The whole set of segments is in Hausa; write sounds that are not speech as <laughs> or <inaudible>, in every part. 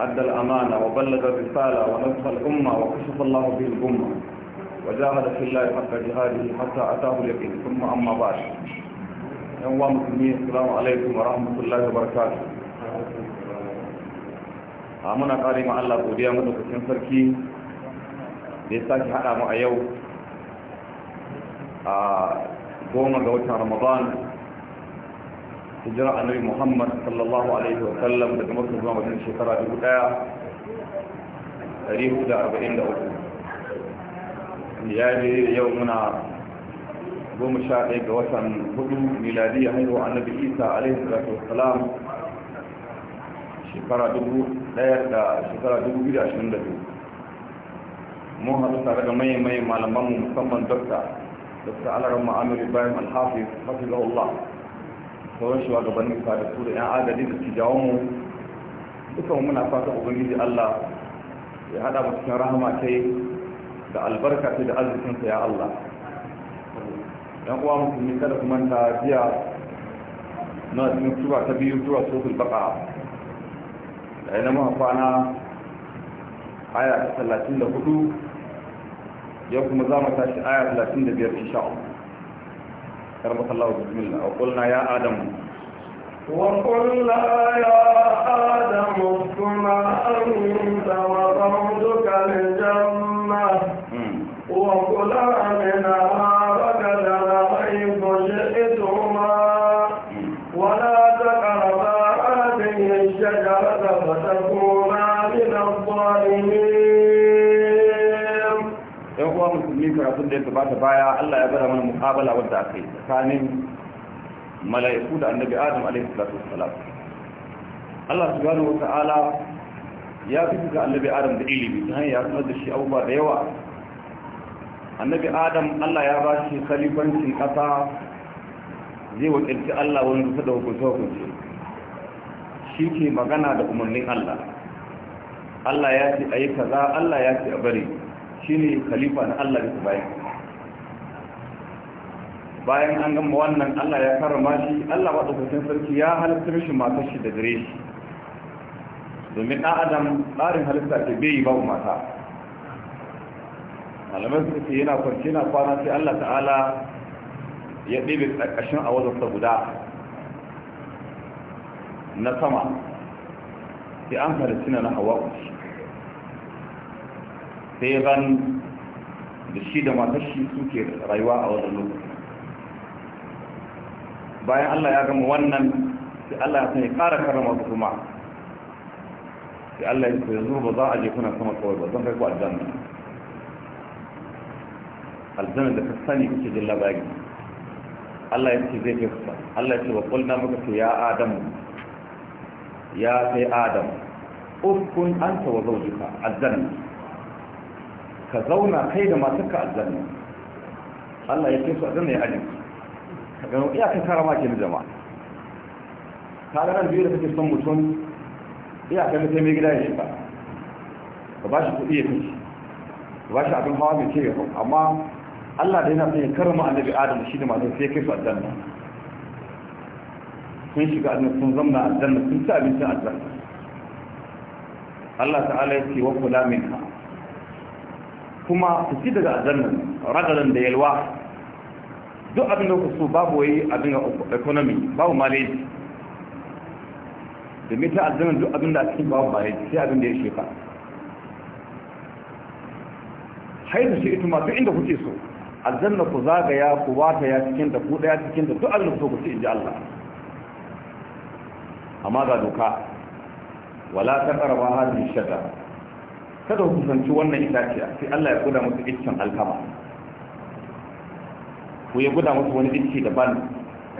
أدى الأمانة وبلغ الرسالة ونصح الأمة وكشف الله به الأمة وجاهد في الله حق جهاده حتى أتاه اليقين ثم أما بعد يوم مسلمين السلام عليكم ورحمة الله وبركاته muna kare ma Allah godiya madaukakin sarki da ya sake haɗa mu a yau a goma ga watan Ramadan hijira annabi muhammad sallallahu alaihi wa sallam daga makka zuwa wajen shekara dubu daya dari da arba'in da uku ya je yau muna goma sha ɗaya ga watan hudu miladiya haihuwa annabi isa alaihi salatu wassalam shekara dubu ɗaya da shekara dubu biyu da ashirin da biyu mun haɗu tare da mai-mai, malamanmu musamman dokta dokta alarar ma'amir ibrahim alhafiz Allah. sauran shugabannin fadatu da 'yan agaji da tijawan mu dukan muna fata ubangiji Allah ya hada mu cikin rahama ta da albarka ta da arzikinsa ya Allah yan uwa musulmi kada kuma ta biya na cikin tura ta biyu tura sosul baka da yana maha kwana aya ta talatin 34 yau kuma za mu tashi aya 35 insha Allah karbata bismillah a ya adamu wa ya adamu kuma an da wa ƙaunduka ne jamma wa ne na da ya ta baya Allah ya bada mana muqabala wadda aka yi tsakanin mala'iku da annabi Adam alaihi salatu wassalam Allah subhanahu wata'ala ya fito ga annabi Adam da ilimi ta hanyar sanar da shi abubuwa da yawa annabi Adam Allah ya ba shi khalifancin kasa zai wakilci Allah wani ta da hukunce hukunce shi ke magana da umarnin Allah Allah ya ce a yi kaza Allah ya ce a bari shi ne khalifa na Allah da bayan bayan an gama wannan Allah ya karama shi Allah maɗaukakin sarki ya halittar shi matar shi da gare shi domin ɗan adam tsarin halitta ce bai yi ba mata malamai suka ce yana kwanci yana kwana sai Allah ta'ala ya ɗebe ƙarƙashin a wazarsa guda na sama sai an halitta na hawa sai ran da shi da matashi suke rayuwa a wajen lokaci bayan Allah ya gama wannan sai Allah ya sanya ƙara karama su kuma sai Allah ya ce zuwa ba za a je kuna sama kawai ba zan kai ku aljanna aljanna da ka sani kuke jin labari Allah ya ce zai kai ku Allah ya ce wa kulna muka ce ya Adamu ya kai Adam uskun anta wa zawjuka aljanna ka zauna kai da matarka aljanna Allah ya ce su aljanna ya ajiye ka gano iyakar karama ke na jama'a ta ranar biyu da take son mutum iyakar da sai mai gida ya shiga ba. ba shi kuɗi ya fi ba ba shi abin hawa mai ce yau amma allah da yana son ya a annabi adam shi da masu sai kai su aljanna sun shiga aljanna sun zamna aljanna sun ci abincin aljanna allah ta'ala ya ce wa kula min ka kuma su ci daga aljanna ragadan da yalwa duk abin da so babu wai abin economy babu mileage domin ta aljanar duk abin da a cikin babu mileage sai abin da ya shefa haizu shi ita masu inda kuke so aljanna ku zagaya ku wata ya cikin da ku daya cikin da duk abin da so ku ci inji Allah amma ga doka wala ta karba hadin shada kada ku kusanci wannan itaciya sai Allah ya kuda musu iccen alkama ko ya guda musu wani ice daban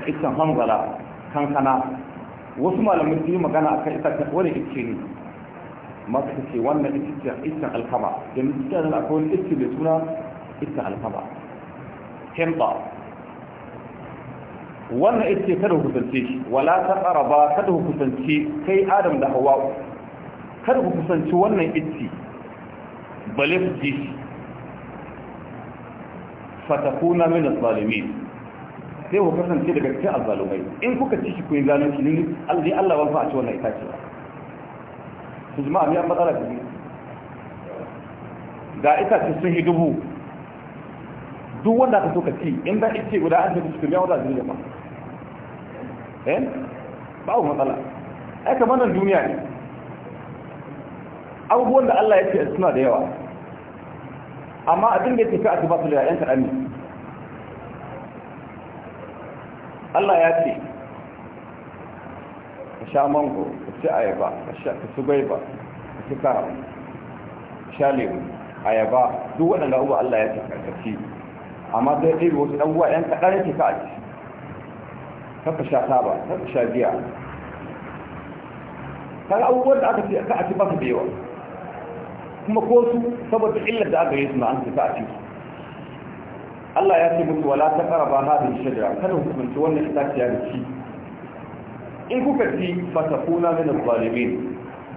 iccen hanzala kankana wasu malamai su yi magana a kan ta wani ice ne masu ta ce wannan iccen alkama yanzu cikin da akwai wani ice mai suna iccen alkama hemba wannan ice kada da kusance shi wala ta tsara ba kada kusance kai adam da hawa kada ku kusanci wannan ice bale su ji shi fatakuna min zalimin sai ku kasance daga cikin azzalumai in kuka ci shi ku yi shi, ne Allah Allah ban a ci wannan itace ba su jama'a ne an matsala ta biyu ga itace sun yi dubu duk wanda ka so ka ci in ba ice guda an tafi cikin yawon zazzalin jama'a eh ba ku matsala ai kamar nan duniya ne abubuwan da Allah ya ce suna da yawa amma abin da ya tafi a su ba su da ‘yan kaɗan ne Allah ya ce ka sha mango ka ci ayaba ka ci gwaiba ka ci kara sha lemu ayaba duk waɗanda uba Allah ya ce ci amma zai ɗaya wasu ɗan uwa ‘yan kaɗan yake ka ci kaka sha saba kaka sha biya kaga abubuwan da aka ce ci ba su da yawa kuma ko su saboda illar da aka yi su an fita a cikin Allah ya ce mutu wala ta ba karaba hadin shajara kada ku kunci wannan itaciya da ci in kuka ci fatakuna min zalimin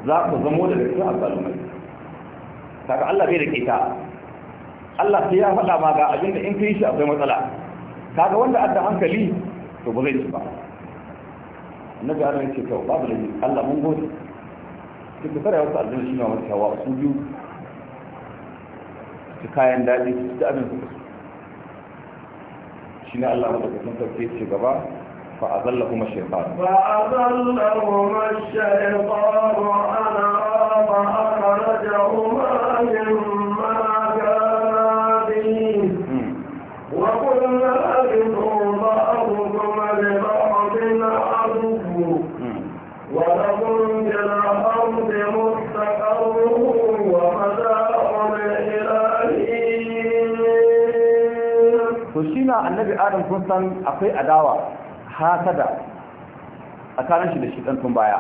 za ku zamo da cikin azzalumai kaga Allah bai da ke kita Allah sai ya faɗa ma ga abin da in kai shi akwai matsala kaga wanda adda hankali to ba zai ci ba annabi Allah ya ce to babu Allah mun gode su ka tara wasu aljanna shi ma wata hawa su biyu su kayan daɗi su ta abin su shi na Allah da kusan sarki ce gaba فأظلهما الشيطان فأظلهما الشيطان أنا أخرجهما annabi adam kun san akwai adawa hasada tsakanin shi da shi ɗan tun baya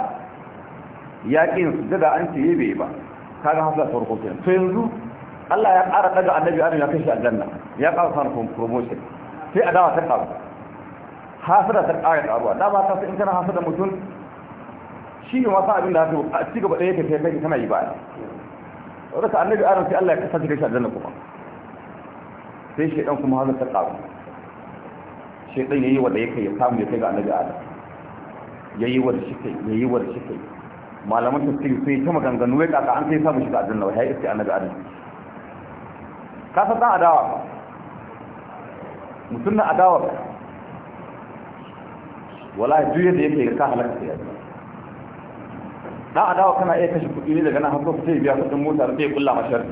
ya ƙin su daga an ce yabe ba kaga hasada farko kenan to yanzu Allah ya ƙara daga annabi adam ya kai shi aljanna ya ƙara sa promotion sai adawa ta ƙaru hasada ta ƙara ƙaruwa ba ka san in kana hasada mutum shi ne masu abin da haka a ci gaba ɗaya ka kai kai kana yi baya wadda ka annabi adam sai Allah ya kasance kai shi aljanna kuma sai shi ɗan kuma hazar ta ƙaru shaitan yayi wanda yake ya samu ya kai ga annabi adam yayi wanda shi kai yayi wanda shi kai malaman tafsiri sai ta maganganu ya kaka an sai samu shiga aljanna wai yi sai annabi adam ka san dan adawa mutum na adawa ba wallahi duk yadda yake ka halaka sai dan adawa kana iya kashe kuɗi ne daga nan har ko sai biya kuɗin mota sai ya kulla mashar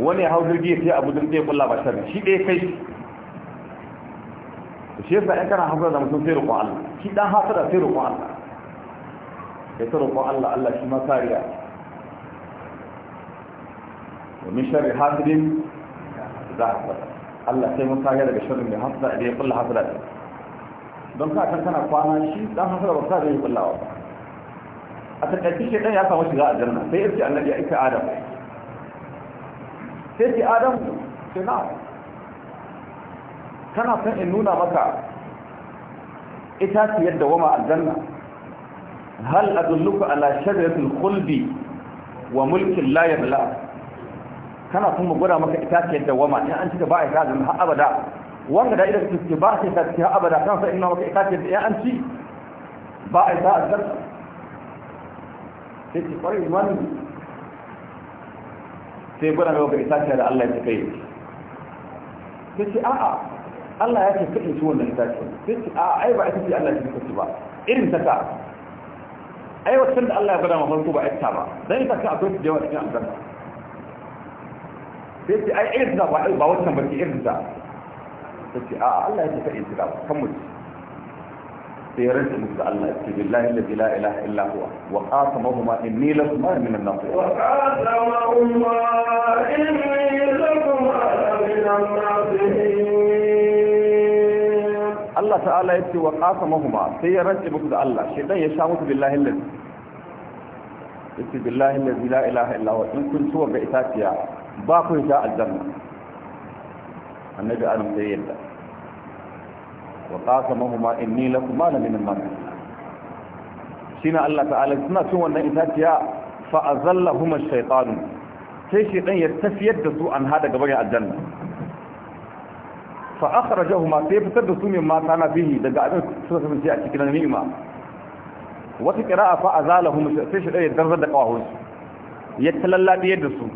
wani ya hau jirgi sai abu din sai ya kulla mashar shi ɗaya kai shi yasa in kana hasara da mutum sai roƙon Allah shi dan hasara sai roƙon Allah ya ta roƙon Allah Allah shi ma kariya wa min sharri hasidin za a fada Allah sai mun kariya daga sharrin mai hasara da ya kulla hasara da don ka kan kana kwana shi dan hasara ba sa da ya kulla ba a takaice shi dan ya samu shiga aljanna sai ya ce annabi ya isa adam sai ce adam sai na kana son in nuna maka itaciyar da wama aljanna hal adulluka ala shajaratul khuldi wa mulkin la yabla kana son mu gwada maka itaciyar da wama in an ci ba a ita zan har abada wanda da idan kike ba sai ta ci har abada kana son in nuna maka itaciyar da an ci ba a ita aljanna sai ki kwarai wani sai gwada maka itaciyar da Allah ya kai sai ce a'a Allah ya ce ka ci wannan itaciyar sai ce a ai ba ita ce Allah ya ce ba irin ta ta ai waccan da Allah ya gwada mafarko ba ita ba dan ita ka akwai su da yawa cikin aljanna sai ce ai irin ta ba ba waccan ba ce irin ta ta ce a Allah ya ce kaɗin ci ba kan mu sai ya ta musu da Allah ya ce billahi la ilaha illa illa huwa wa qasamahuma inni lakum min an-nasihin wa qasamahuma inni lakum min an-nasihin Allah ta'ala wa qasamahuma sai ya rance muku da Allah ya sha muku billahi lillahi yace billahi lillahi la ilaha illa huwa in kun tuwa ga ba ku sha aljanna annabi adam sai yadda wa qasamahuma inni min al shine Allah ta'ala suna cin wannan itaciya fa azallahuma ash-shaytan sai ya tafiyar da su an hada gaba aljanna fa akhrajahuma sai fitar da su min ma kana bihi daga abin suka kasance a cikin ni'ima wata qira'a fa azalahum sai shi dai darzar da kawahun ya talallabi yadda su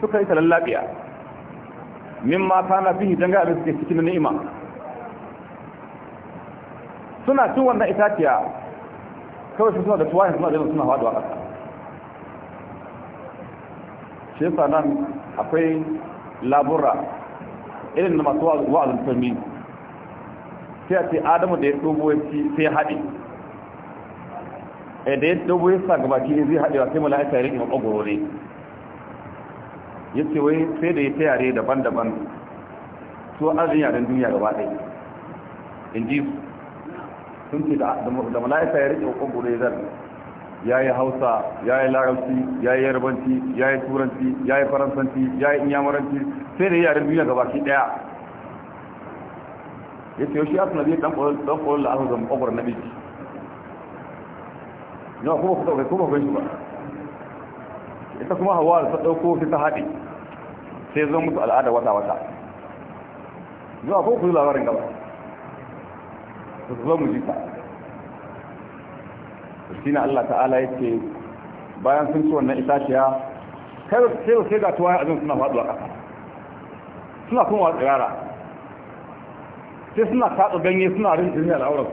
suka yi talallabiya min ma kana bihi daga abin suke cikin ni'ima suna cin wannan itaciya kawai su suna da tuwa suna da suna hawa da wata shi sanan nan akwai labura irin na masu wa'azin turmi sai a ce adamu da ya dogo ya ci sai haɗe eh, da ya dogo ya gabaki ne zai haɗewa sai mala'ika ya rikin ƙogoro ne ya ce wai sai da ya ta yare daban-daban su arzin yaren duniya gaba ɗaya in ji sun ce da mala'ika ya rikin ƙogoro ya zarra ya yi hausa ya yi larabci ya yi yarbanci ya yi turanci ya yi faransanci ya yi inyamuranci sai da yaren duniya gabaki daya ya ce yaushe asuna zai dan kwarar da aka zama kwakwar na biki yawa kuma kuka kuma kun ba ita kuma hawa da ta ɗauko sai ta haɗe sai zan musu al'ada wata-wata yawa kuma ku labarin gaba su mu ji shine Allah ta'ala yake bayan sun ci wannan itaciya kai sai sai ga tuwa azan suna faduwa ƙasa suna kuma wa tsirara sai suna tatsa ganye suna rin a al'aurar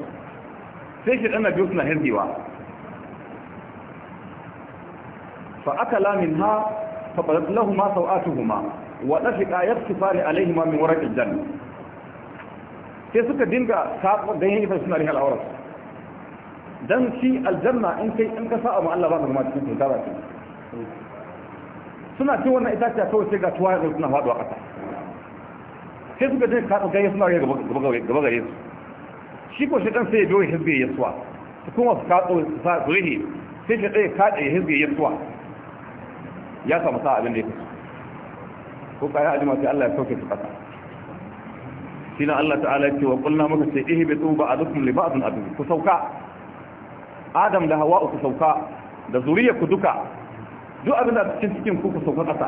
sai shi ɗan biyu suna hirgewa fa aka lamin ha fa ɓarar lahu ma sau'atu ma wa ɗafiƙa ya su fari alaihi ma min warar aljanna sai suka dinga tatsa ganye ita suna rin al'aurar dan shi aljanna in kai in ka sa'a ma Allah ba ka zama cikin ta ba ce suna ce wannan itaciya kawai sai ga tuwa ya suna faduwa ƙasa. sai suka je ka gaye suna ga gaba gare su shi ko shaitan sai ya biyo hizbi ya suwa su kuma su katso su sa zurihi sai shi ɗaya kaɗe ya hizbi ya suwa ya samu sa abin da ya fi ko kayan ajima sai Allah ya sauke su ƙasa. shi na Allah ta'ala ya ce wa kullum muka ce ihi bi ba a li ba'dun abin ku sauka adam da hawa ku sauka da zuriyar ku duka duk abin da cikin cikin ku ku sauka kasa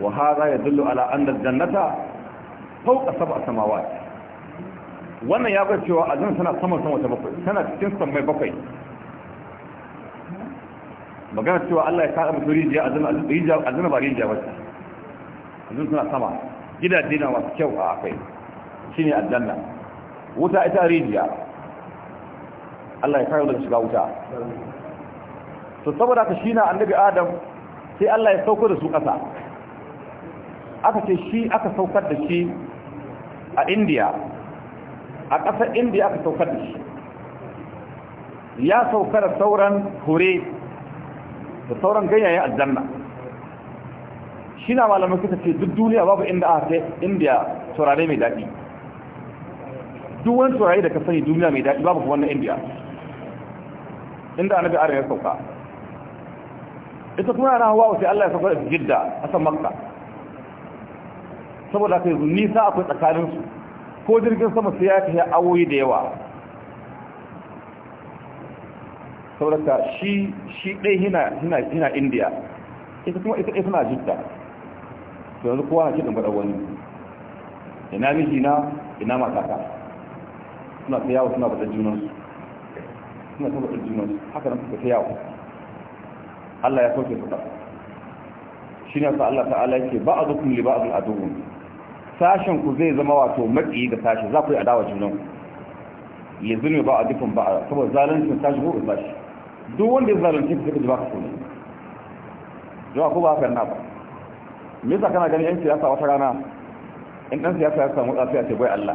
wa hadha yadullu ala anna al-jannata fawqa sab'a samawat wannan ya ga cewa aljanna tana saman sama ta bakwai tana cikin sammai bakwai magana cewa Allah ya kada mutu rijiya aljanna ba rijiya ba aljanna tana sama gidaje na masu kyau a akai shine aljanna wuta ita rijiya Allah ya kare daga shiga wuta to saboda ka shine annabi Adam sai Allah ya sauko da su ƙasa aka ce shi aka saukar da shi a India a ƙasar India aka saukar da shi ya saukar sauran hore da sauran ganyayen aljanna shi na malamai suka ce duk duniya babu inda aka kai indiya turare mai daɗi duk wani turare da ka sani duniya mai daɗi babu kuma na indiya inda annabi adam ya sauka ita kuma yana hawa sai Allah ya sauka da jidda a san makka saboda kai nisa akwai tsakaninsu ko jirgin sama sai ya kai awoyi da yawa saurata shi shi dai hina indiya ita kuma ita ita na jidda to yanzu kowa na kiɗin faɗa wani ina miji na ina matata suna ta yawo suna bada junansu suna ta bakin junan haka nan suka ta yawo Allah ya sauke su kasa shi ne sa Allah ta'ala yake ba a zukun li ba a aduwun sashen ku zai zama wato matsi da sashi za ku yi adawa junan ya zulmi ba a dukkan ba a saboda zalincin sashi ko ba shi duk wanda ya zalunci ka ji ba ka so ne jama'a ko ba haka na ba me yasa kana ganin yan siyasa wata rana in dan siyasa ya samu tsafi a ce bai Allah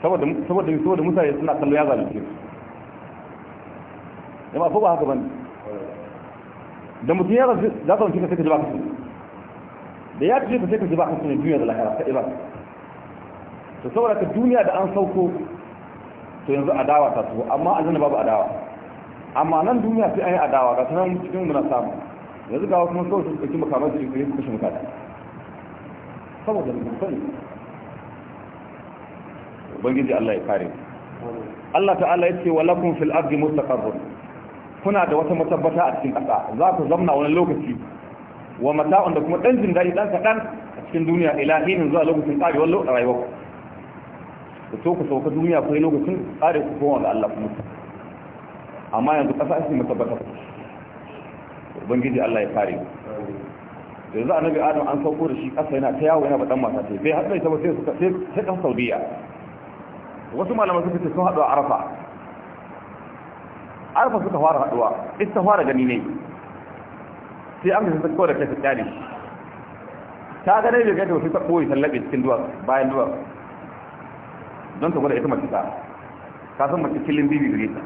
saboda saboda saboda mutane suna kallon ya zalunce su jama'a ko ba haka bane da mutum ya rasu za ka wanke ka sai ka ji ba da ya fice ka sai ka ji ba ka sani duniya da lahira ka ibada to saboda ka duniya da an sauko to yanzu adawa ta so amma an aljanna babu adawa amma nan duniya sai an yi adawa ga sanan cikin muna samu yanzu ga wasu kawai sun ɗauki makamai su yi kashe mutane saboda mun sani ubangiji Allah ya kare Allah ta'ala ya ce wa lakum fil ardi mustaqarrun kuna da wata matabbata a cikin ƙasa za ku zamna wani lokaci wa mata'un da kuma ɗan jin daɗi ɗan kaɗan a cikin duniya ilahinin zuwa lokacin lokacin rayuwa ku da to ku sauka duniya kai lokacin tsare ku kowa da Allah kuma amma yanzu ƙasa ake matabbata ubangiji Allah ya kare Da yanzu annabi Adam an sauko da shi ƙasa yana ta yawo yana baɗan mata sai bai haɗa ita ba sai suka sai ta Saudiya wasu malamai suka ce sun haɗu a Arafa عرفوا في التهوارة الأدوار التهوارة جميلين في أمر تذكورة كيف الثاني تاغا نبي جاتو في تقوي سلبي سندوا باين دوا دونت غولا ايتما كيتا كاتو ما تشيلين بي بي ريتا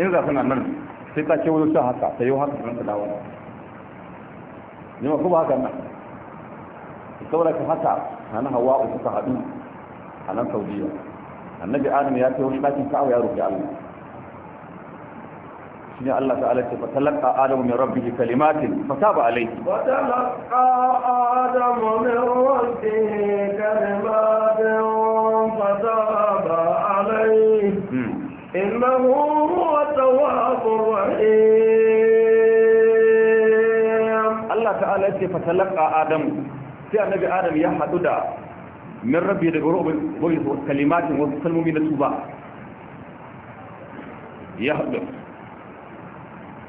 ان ذا سنان نن سيتا تشيو دو شاحا تايو هاك نن داوا نيما كوبا هاك نن تورا كي هاتا انا هوا او تصحابي انا سعوديه النبي ادم ياتي وشاكي كاو يا رب الله ne Allah ta'ala ce fa talaqa adamu min rabbihi kalimatin fa taba alayhi wa talaqa adamu min rabbihi kalimatin fa taba alayhi innahu huwa tawwabur rahim Allah ta'ala ce fa talaqa adamu sai annabi adam ya hadu da min rabbi daga rubin kalimatin wasu kalmomi na tuba ya hadu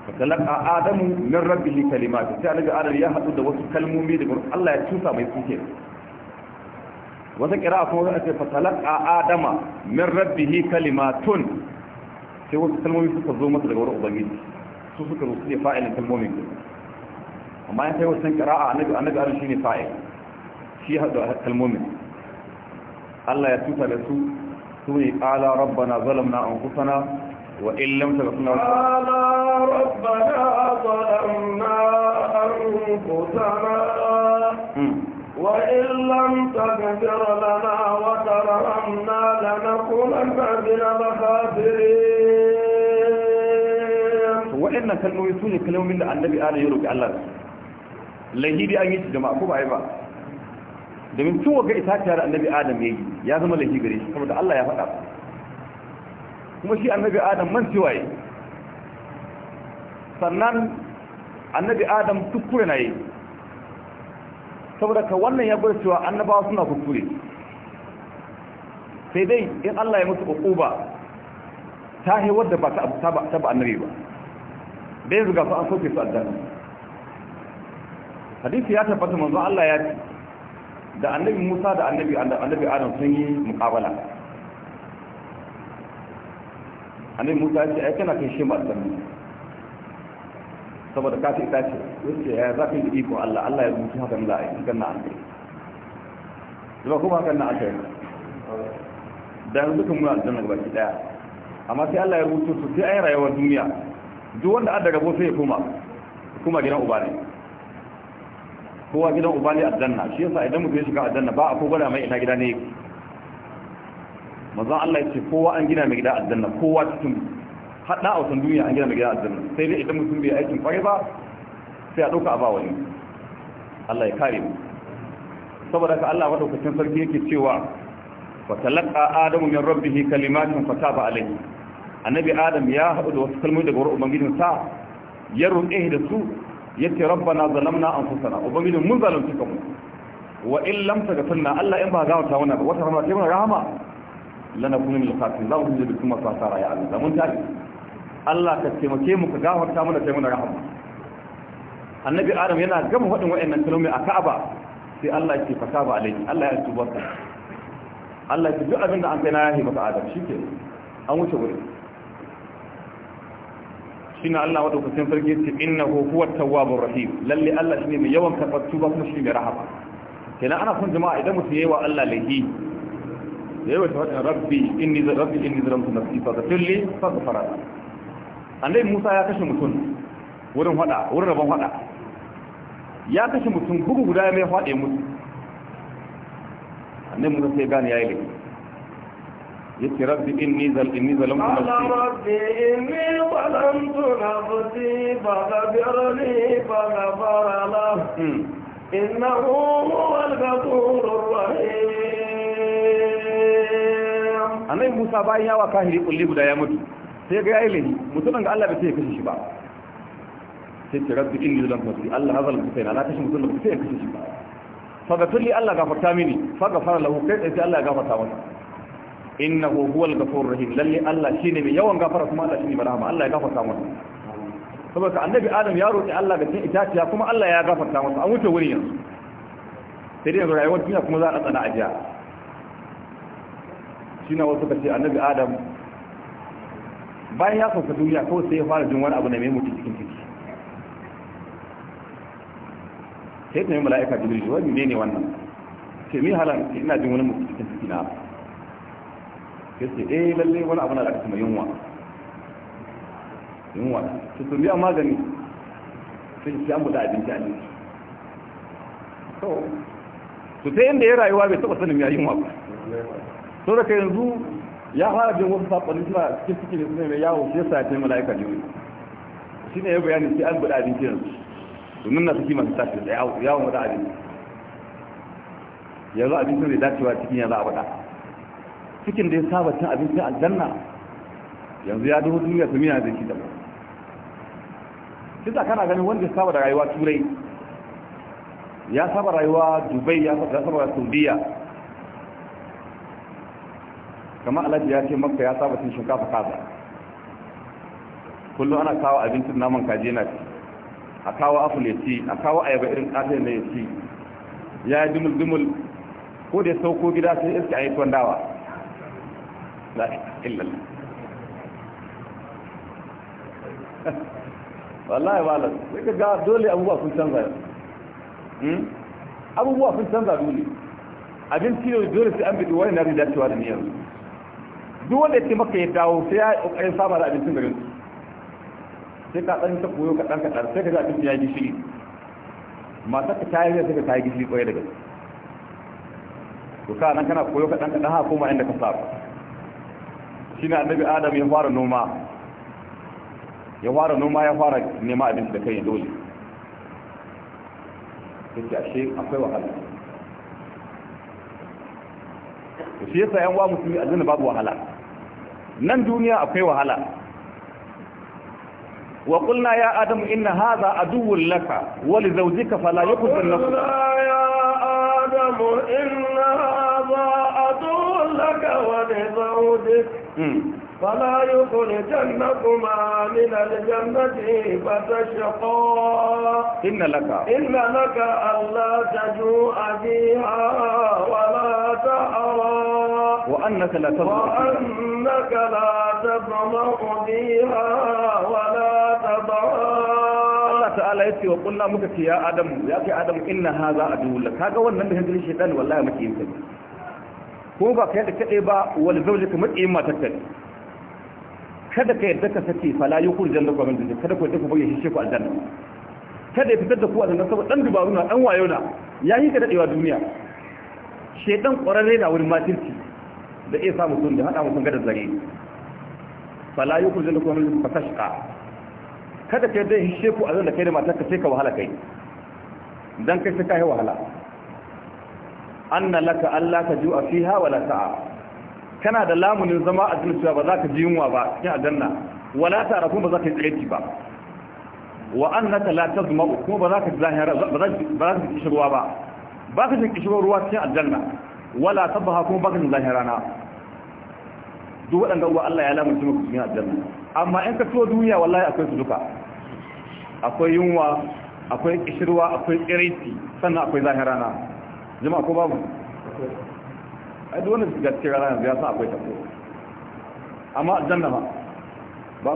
fatalaka adamu min rabbi rabbihi kalimatu sai annabi adam ya hadu da wasu kalmomi da Allah ya tusa mai tsinke wata kira kuma wata ce fatalaka adama min rabbihi kalimatun sai wasu kalmomi suka zo masa daga wurin ubangiji su suka rusu ne fa'ilin kalmomin ku. amma ya kai wasu kira'a annabi annabi adam shine fa'il shi hadu da kalmomin Allah ya tusa da su su ne qala rabbana zalamna anfusana وإن لم تغفنا قال ربنا ظلمنا أنفسنا وإن لم تغفر لنا وترمنا لنكونن من الخاسرين وإن كلمه يسون كلمه من النبي آل يروك الله lahidi an yi shi jama'a ko ba yi ba domin tun waga ita ce har annabi adam ya yi ya zama lahidi gare shi kuma Allah ya faɗa kuma shi annabi adam man yi sannan annabi adam tukure na yi saboda ka wannan ya gwada cewa annabawa suna kukure sai dai in Allah ya musu ba ta yi wadda ba ta ba annabi ba da yanzu gafi an soke su aljanna hadisi ya tabbata manzo Allah ya ce da annabi Musa da annabi Adam sun yi muqabala annabi musa ya ce ai kana kai shi ma dan saboda ka ce ta ce wace ya za ka yi iko Allah Allah ya rubuta hakan da ai kan na an kai ba kuma hakan na aka da dan dukan mu aljanna gaba ki daya amma sai Allah ya rubuto su sai ai rayuwar duniya duk wanda an daga sai ya koma kuma gidan uba ne kowa gidan uba ne aljanna shi yasa idan mutum ya shiga aljanna ba a ko gwada mai ina gida ne yake manzon Allah ya ce kowa an gina mai gida aljanna kowa cikin haɗa a wasan duniya an gina mai gida aljanna sai dai idan mutum bai aikin kwarai ba sai a ɗauka a ba wani Allah ya kare mu saboda ka Allah madaukakin sarki yake cewa fa talaqa adamu min rabbihi kalimatin fataba alayhi annabi adam ya haɗu da wasu kalmomi daga wurin ubangijin sa ya roƙe da su yace rabbana zalamna anfusana ubangijin mun zalunci kanmu wa in lam tagfirna Allah in ba gafarta mana ba wata rahama ta mana rahama lanakuna min al za mu zama da masu fasara ya Allah mun tafi Allah ka taimake mu ka gafarta mana kai mana rahama annabi adam yana gama wadin wayannan kalmomi a Ka'aba sai Allah ya ce fasaba alai Allah ya tuba ka Allah ya duk abin da an kai na yahi maka adam shike an wuce Shi na Allah wato ku san farke inna innahu huwa tawwabur rahim lalle Allah shine mai yawan karbar tuba kuma shi mai rahama kenan ana son jama'a idan mutum yi wa Allah laifi yayin ta faɗin rabbi inni rabbi inni zalamtu nafsi fa ghfirli fa ghafara annabi Musa ya kashe mutum wurin fada wurin rabon fada ya kashe mutum bugu guda mai fade mutu annabi Musa sai gane yayi laifi yace rabbi inni zal inni zalamtu nafsi rabbi inni zalamtu nafsi faghfirli faghfara lahu hmm. innahu huwal ghafurur rahim annabi Musa bayan yawa kahiri kulli guda ya mutu sai ga yayi lani mutumin ga Allah bai sai kashe shi ba sai ce rabbi inni lam mutu Allah hazal kusaina la kashe mutum bai sai kashe shi ba ga li Allah gafarta mini fa fara lahu kai sai Allah gafarta masa innahu huwal ghafurur rahim lalle Allah shine mai yawan gafara kuma Allah shine mai rahama Allah ya gafarta masa saboda annabi Adam ya roki Allah da cin itaciya kuma Allah ya gafarta masa an wuce wurin yanzu sai dai rayuwar duniya kuma za a tsana a jiya shi na wasu ka ce annabi adam bayan ya sauka duniya kawai sai ya fara jin wani abu na mai cikin ciki sai ta yi mala'ika shi wani ne ne wannan ke mi halan ce ina jin wani mutu cikin ciki na ya ce eh lalle wani abu na da aka yunwa yunwa su su biya magani sai shi an buɗe abinci a so su sai yadda ya rayuwa bai taɓa sanin ya yunwa ba Sau da yanzu ya fara jin wasu saƙonin suna cikin cikin da suna mai yawo shi yasa ya ce mala'ika wani shi ne ya bayani sai an buɗa abinci yanzu domin na suke masu tafi da yawon wata abinci yanzu abincin da dacewa cikin yanzu a buɗa cikin da ya saba cin abincin aljanna yanzu ya duhu duniya su miya da shi da kisa kana ganin wanda ya saba da rayuwa turai ya saba rayuwa dubai ya saba da saudiya kamar alhaji ya ce makka ya saba cin shinkafa kaza kullum ana kawo abincin naman kaji na ci a kawo apple ya ci a kawo ayaba irin ƙasar da ya ci ya yi dumul dumul ko da ya sauko gida sai iska a yi tuwon dawa la illallah <laughs> wallahi wala sai ka ga dole abubuwa sun canza yau hmm? abubuwa sun canza dole abinci ne dole sai an bi wani na da dacewa da niyyar duk wanda ya ce maka ya dawo sai ya yi ƙoƙarin saba da abincin garin sai ka ɗan ta koyo kaɗan kaɗan sai ka ji abincin ya yi gishiri masu ka tayi sai ka tayi gishiri ƙwaye daga to ka nan kana koyo kaɗan kaɗan ha koma inda ka saba shi na annabi adam ya fara noma ya fara noma ya fara nema abinci da kai dole yake ashe akwai wahala to shi yasa yan wa musulmi aljanna babu wahala nan duniya akwai wahala wa qulna ya adam inna hadha aduwwun laka wa li zawjika fala yakun nafsa ya adam inna hadha aduwwun laka wa li zawjika hmm. فلا يخرجنكما من الجنة فتشقى إن لك إن لك ألا تجوع فيها ولا تأرى وأنك لا وأنك لا تظمأ فيها ولا تضعى تعالى يسي وقلنا مكت يا آدم يا أخي آدم إن هذا عدو لك هذا هو النبي هنجل الشيطان والله ما كيمتني هو بقى كيف تقيبا والزوجة كمت إيما تتني kada ka yarda ka sake fala yi kurjan da kwamin da kada ku yarda ku bayyana shi ku aljanna kada ya fitar da ku aljanna saboda dan dubaru na dan wayo na ya yi ka dadewa duniya shedan kwararre na wurin matirci da iya samu sun da hada mu ga da zare fala yi kurjan da kwamin da fatashqa kada ka yarda shi ku aljanna kai da matarka sai ka wahala kai dan kai sai ka yi wahala anna laka allaka ju'a fiha wala ta'a kana da lamunin zama a jinsuwa ba za ka ji yunwa ba cikin aljanna wala ta rafu ba za ka yi tsaiti ba wa annaka la tazma'u kuma ba za ka zahira ba za ka ji kishirwa ba ba ka ji kishirwa ruwa cikin aljanna wala tabaha kuma ba ka ji na duk waɗanda uwa Allah ya lamunci maka cikin aljanna amma in ka so duniya wallahi akwai su duka akwai yunwa akwai kishirwa akwai tsiraiti sannan akwai na jama'a ko babu a duk wanda shiga cikin rana yanzu ya sa akwai tafi amma aljanna ba ba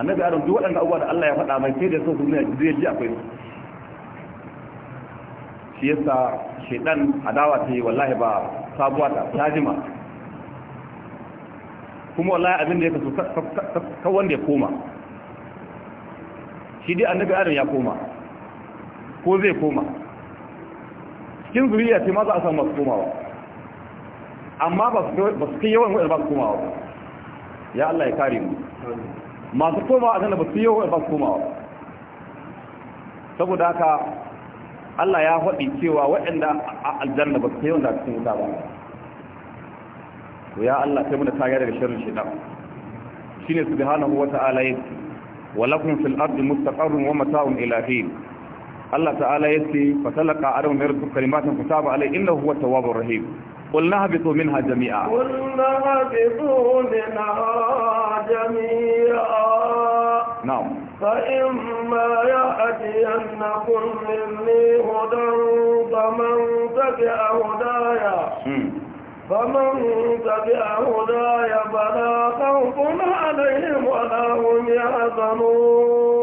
annabi adam duk waɗanda abuwa da Allah ya faɗa mai sai da sun duniya zai ji akwai su shi yasa shedan adawa ta yi wallahi ba sabuwa ta tajima kuma wallahi abin da ya kasu kan wanda ya koma shi dai annabi adam ya koma ko zai koma cikin zuriya ce ma za a samu masu komawa amma ba su kai yawan waɗanda ba su komawa ba ya Allah ya kare mu masu komawa a ba su yawan ba su komawa ba saboda haka Allah ya faɗi cewa waɗanda a aljanna ba su kai yawan da cikin wuta ba to ya Allah kai muna kariya daga shirin sharrin shaitan shine subhanahu wa ta'ala yake wa lakum fil ardi mustaqarrun wa mata'un ila hin Allah ta'ala ya yace fatalqa adam min rabbika kalimatan fataba alayhi innahu huwa tawwabur rahim قلنا هبطوا منها جميعا قلنا هبطوا منها جميعا نعم فإما يأتينكم مني هدى فمن تبع هدايا فمن تبع هدايا فلا خوف عليهم ولا هم يحزنون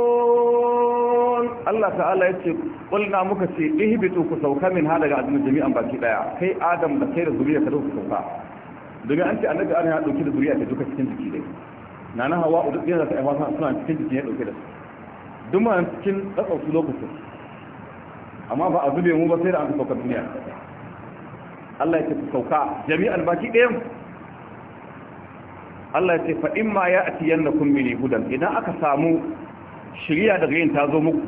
Allah ta'ala ya ce ƙulna muka ce ihbitu ku sauka min ha daga azumin jami'an baki daya kai adam da kai da zuriya ka dauka sauka domin an ce annabi an ya dauki da zuriya ta duka cikin jiki dai nana hawa duk yana da aiwata suna cikin jiki ya dauke da su duk ma cikin tsakar su lokacin amma ba a zube mu ba sai da an sauka duniya Allah ya ce ku sauka jami'an baki dayan Allah ya ce fa imma ya atiyannakum min hudan idan aka samu shiriya daga yin ta zo muku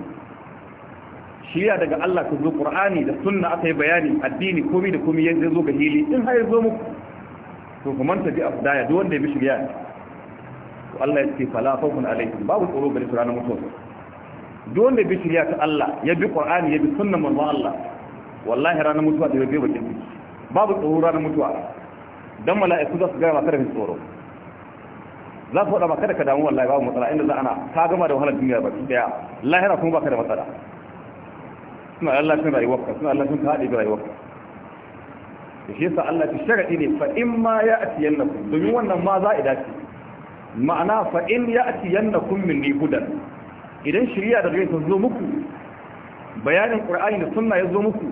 shirya daga Allah ka zo Qur'ani da sunna aka yi bayani addini komai da komai yanzu zo ga hili in har zo muku to kuma ta bi afdaya duk wanda ya bi shirya to Allah ya ce fala fawqun alaikum babu tsoro su ranar mutuwa duk wanda ya bi shirya ta Allah ya bi Qur'ani ya bi sunnan manzo Allah wallahi ranar mutuwa da bai bakin babu tsoro ranar mutuwa dan mala'iku za su ga maka da tsoro za su faɗa maka da ka damu wallahi babu matsala inda za ana ka gama da wahalar duniya ba daya lahira kuma baka da matsala suna lalacin rayuwarka suna lalacin ta haɗe rayuwarka da shi yasa Allah ta sharaɗi ne fa in ma ya ati yannakum domin wannan ma za a dace ma'ana fa in ya ati yannakum min ni hudan idan shari'a da gaisa zo muku bayanin qur'ani da sunna ya zo muku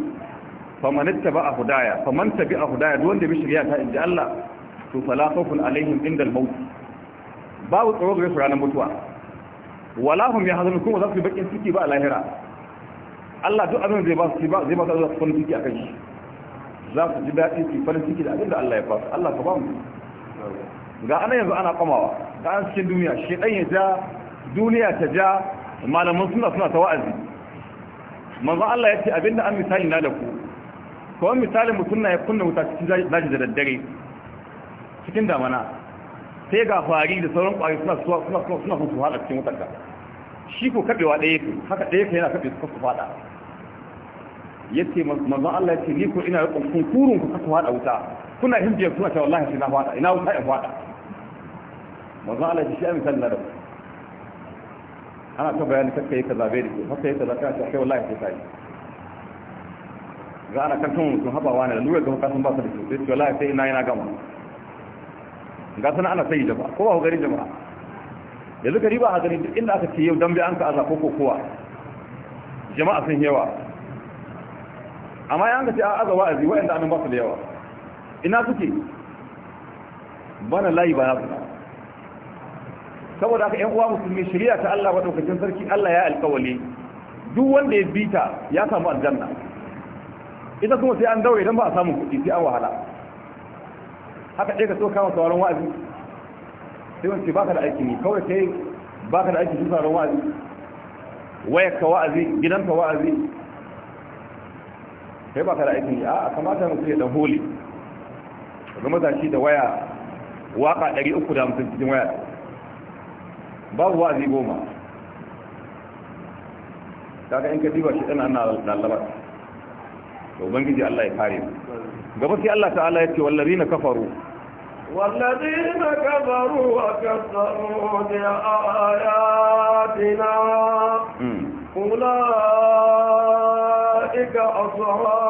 fa man ittaba hudaya fa man tabi'a hudaya duk wanda bi shari'a ta inda Allah to fala khawfun alaihim inda al-maut babu tsoro ga ranar mutuwa wala hum yahzanun kuma za su bakin ciki ba a lahira Allah duk abin zai ba su zai ba su farin ciki a kai shi za su ji daɗi su farin ciki da abin da Allah ya ba su Allah ka ba mu ga ana yanzu ana kamawa ga an cikin duniya shi ɗan ya ja duniya ta ja malaman suna suna ta wa'azi manzo Allah ya ce abinda an misali na da ku ko misali mutum na ya kunna wuta cikin daji da daddare cikin damana sai ga fari da sauran kwari suna suna suna suna suna suna cikin suna suna shi ko kabewa ɗaya suna haka ɗaya suna yana suna su suna suna yace manzo Allah yace ni ko ina kunkurun ku kasa hada wuta kuna himbiya kuna ta wallahi sai na hada ina wuta in hada manzo Allah shi an san da ana ta bayani kakkai kaza bai dake haka yake zaka ta kai wallahi sai sai ga ana kan tun mutum habawa ne lura ga kasan ba su da kyau sai wallahi sai ina ina gama ga sana ana sai jama'a kowa gari jama'a yanzu ka riba a gari duk inda aka ce yau dambe an ka aza ko kowa jama'a sun yawa amma yanka ce a aza wa'azi wa'anda amin ba su da yawa ina suke bana layi ba suna saboda haka yan uwa musulmi shirya ta Allah madaukakin sarki Allah ya alkawali duk wanda ya bita ya samu aljanna ita kuma sai an dawo idan ba a samun kuɗi sai an wahala haka ɗaya ka so kama sauran wa'azi sai ba ka da aiki ne kawai kai baka da aiki sun sauran wa'azi ka wa'azi gidanka wa'azi kai ba ka da aikin yi a kamata mutum ya dan hole ga matashi da waya waka 350 cikin waya babu wa'azi goma ga in ka diba shi dana ana lallaba to ubangiji Allah ya kare mu gaba sai Allah ta'ala ya ce wallazina kafaru والذين كفروا وكفروا بآياتنا hmm. أولئك أصحاب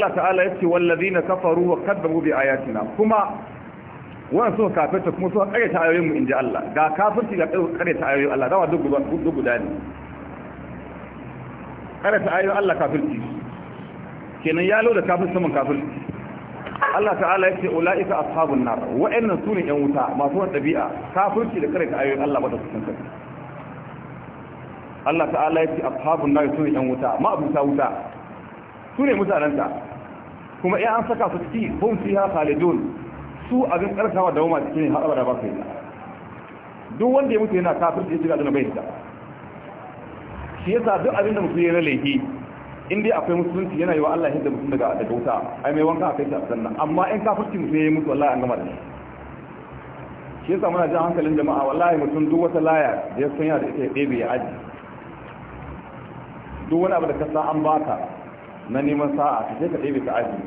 Allah ta'ala ya ce wallazina kafaru wa kadzabu bi ayatina kuma wannan suka kafirta kuma suka kare ta ayoyin mu inji Allah ga kafirci ga kare ta ayoyin Allah dawa duk duk guda ne kare ta ayoyin Allah kafirci kenan yalo da kafirci saman kafirci Allah ta'ala ya ce ulaika ashabun nar wa'annan sune yan wuta masu wannan dabi'a kafirci da kare ta ayoyin Allah bada cikin kai Allah ta'ala ya ce ashabun nar sune yan wuta ma ta wuta sune mutananta kuma iya an saka su ciki fi fiha khalidun su abin karkawa da wama cikin har da ba su yi duk wanda ya mutu yana kafirci ya jira da bai da shi yasa duk abin da mutum ya na laifi in dai akwai musulunci yana yi wa Allah yadda mutum daga daga wuta ai mai wanka akai shi a sannan amma in kafirci mutum ya yi mutu wallahi an gama da shi shi yasa muna jan hankalin jama'a wallahi mutum duk wata laya da ya sanya da ita ya ɗebe ya aji duk wani abu da ka sa an baka na neman sa'a ka sai ka ɗebe ta aji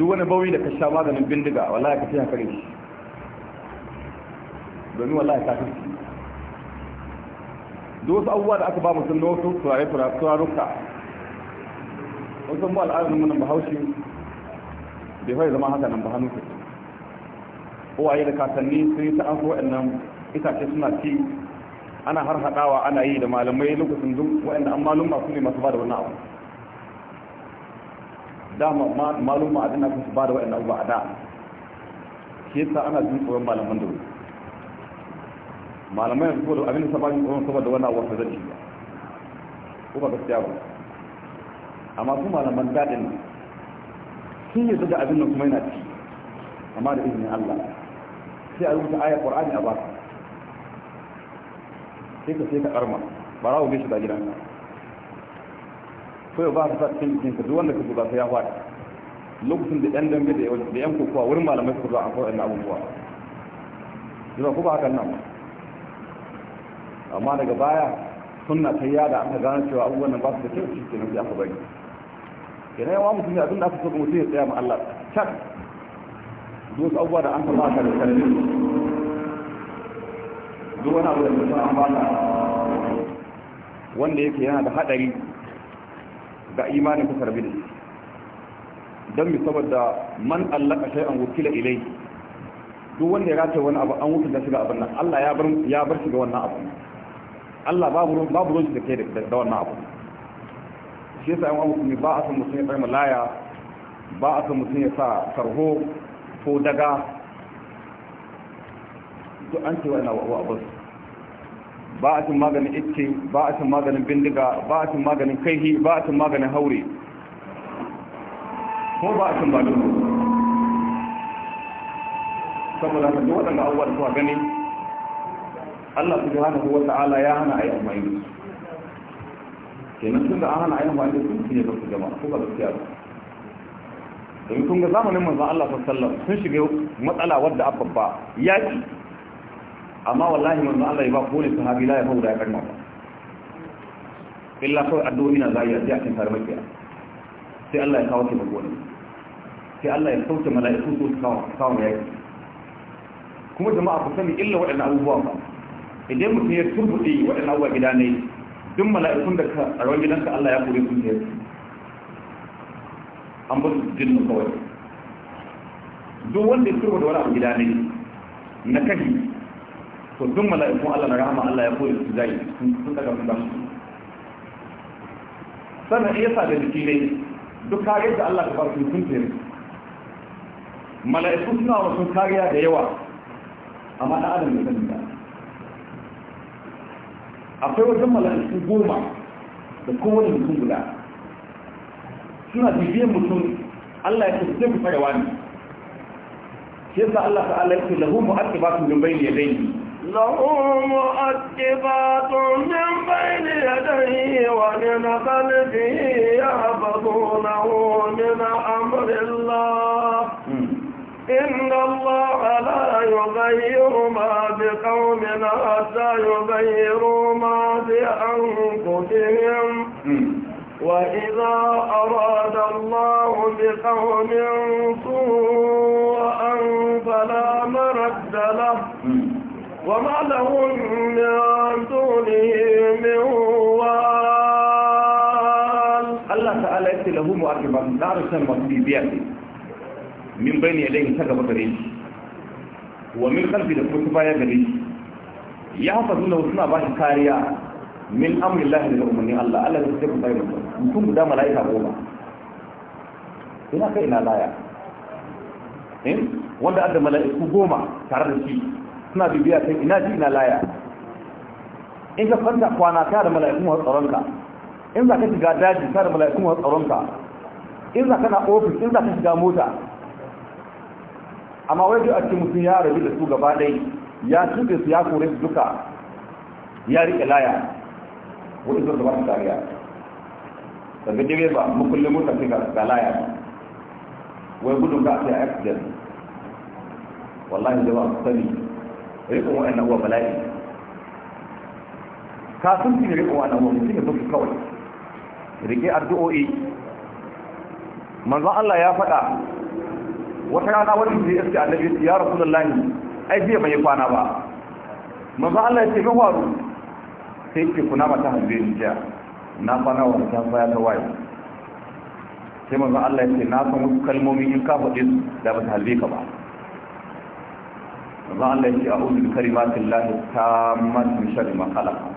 duk wani bauyi da ka sha maganin bindiga wallahi ka sai ka kare shi domin wallahi ka fi duk wasu abubuwa da aka ba mutum na wasu turare turaruka wasu mu al'adun mu nan bahaushe bai fara zama haka nan ba hannu ka uwaye da kasanni sun yi ta an so wa'annan itace suna ci ana har haɗawa ana yi da malamai lokacin duk wa'anda an malum masu ne masu ba da wannan abu dama malum ma'adin na kusa ba da wa'in abubuwa a da ke sa ana jin tsoron malaman da wuri malamai yanzu da abin da sabanin tsoron saboda wani abuwa sai zai ko ba gaskiya ba amma su malaman daɗin sun yi da abin nan kuma yana ci amma da izinin Allah sai a rubuta ayar ƙwar'ani a baka sai ka sai ka ƙarma ba rawo bai shi da gidanka koyo ba ta cikin cikin ka duk wanda ka zuba sai ya faɗi lokacin da ɗan dambe da yan kokowa wurin malamai su zuwa a kawai na abubuwa zuwa ko ba hakan nan ba amma daga baya sunna ta yada aka gane cewa abubuwan nan ba su da kyau shi kenan sai aka bari kenan yawa mutum abin da aka so ga mutum ya tsaya ma Allah cak duk abubuwa da an taɓa ka da karfi duk wani abu da mutum an ba wanda yake yana da haɗari ga imanin ka sarbi da don mi saboda man allaka shay'an wukila ilai duk wanda ya rataye wani abu an wuce da shiga abin nan Allah ya bar ya bar shi ga wannan abu Allah babu babu ruwan da kai da wannan abu shi yasa an amu ba a san mutum ya tsaya malaya ba a san mutum ya sa sarho ko daga duk an ce wa ina wa abu ba a cin maganin itke ba a cin maganin bindiga ba a cin maganin kaihi ba a cin maganin haure ko ba a cin ba duk saboda ka duk waɗanda abubuwa da kuwa gani Allah su hana wa ta'ala ya hana ayi amfani da ke nan tun da an hana ayi amfani da su sun yi su jama'a ko ba gaskiya ba domin kun ga zamanin manzon Allah sallallahu alaihi wasallam sun shiga matsala wadda abba yaki amma wallahi manzo Allah ya ba kowane sahabi la ya fa guda ya karma ba illa kawai addu'o'i na zai ya kan tarmar kiya sai Allah ya kawo ki magwani sai Allah ya sauke mala'iku su kawo kawo yaki kuma jama'a ku sani illa waɗannan abubuwa ba idan mutum ya turbuɗe waɗannan abubuwa gida ne duk mala'ikun da ka a rawan gidanka Allah ya kore sun tayar an ba su jinnu kawai duk wanda ya turbuɗe wani abu gida ne na kashi to duk mala'ikun Allah na rahama Allah ya koyi su zai sun daga mun bashi sannan iya sa da jiki ne duk kariyar da Allah ta ba su sun tere mala'iku suna wasu kariya da yawa amma da adam ne sani ba akwai wajen mala'iku goma da kowane mutum guda suna bibiyar mutum Allah ya ce zai fi fara wani shi yasa Allah ta'ala ya ce lahu mu'aqibatun min bayni yadayhi له مؤدبات من بين يديه ومن خلفه يعبدونه من أمر الله إن الله لا يغير ما بقوم حتى يغيروا ما بأنفسهم وإذا أراد الله بقوم سوءا فلا مرد له وما لهم من دونه من وال الله تعالى يأتي له مؤكبا دار سلمة في بيته من بين يديه تقب قريش ومن خلفه لكم كفاية قريش يحفظونه سنة باش كاريا من أمر الله لأمني الله الله يستيقظ بينه mutum guda mala'ika goma ina kai ina laya wanda adda mala'iku goma tare da shi suna bibiya ta ina ji ina laya in ka kwanta kwana ta da mala'iku wa tsaronka in za ka shiga daji ta da mala'iku wa tsaronka in za ka na ofis in za ka shiga mota amma wai duk a cikin mutum ya rabu da su gaba ɗai ya tuɗe su ya kore su duka ya riƙe laya wani zuwa da ba su kariya daga dire ba mukullin mota ce ga laya wai gudun ka a sai accident wallahi da ba ku sani rikon wa'annan uwa bala'i ka sun fi rikon wa'annan uwa mutum ya zo kawai rike addu'o'i manzan Allah ya faɗa wata rana wani zai iske annabi ya da lani ai jiya mai kwana ba manzan Allah ya ce fi faru sai ke kuna mata hanzu ni jiya na kwana wa ta baya ta waye sai manzan Allah ya ce na san wasu kalmomi in ka faɗi da ba ta halbe ka ba zama Allah ya yake a uzun karimatin lahi ta matu shari makala zama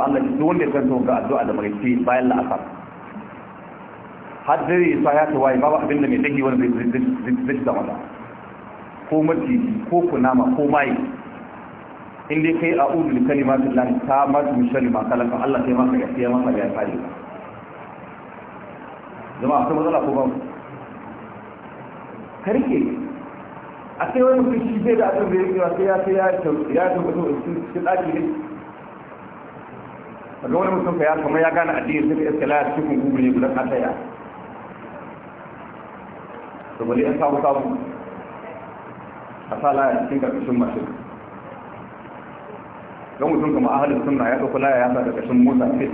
Allah ya yake wanda ya kanto ga addu'a da maraice bayan la'asar har dare ya sa ya ta waye babu abin da mai dangi wani zai zama da ko maciji ko kunama ko maye Inda dai kai a uzun karimatin lahi ta matu shari makala kan Allah sai maka ya fiye maka ya fari zama akwai matsala ko ba karke a sai wani mutum shi zai da abin da ya kewa sai ya sai ya ya tabbata cikin ɗaki ne daga wani mutum ka ya kama ya gane addini sai ka eskala ya cikin gugu ne gudan ƙasa ya to bali an samu samu a sa laya cikin ƙarƙashin mashin don mutum kama ahalin sunna ya ɗauko laya ya sa ƙarƙashin mota fit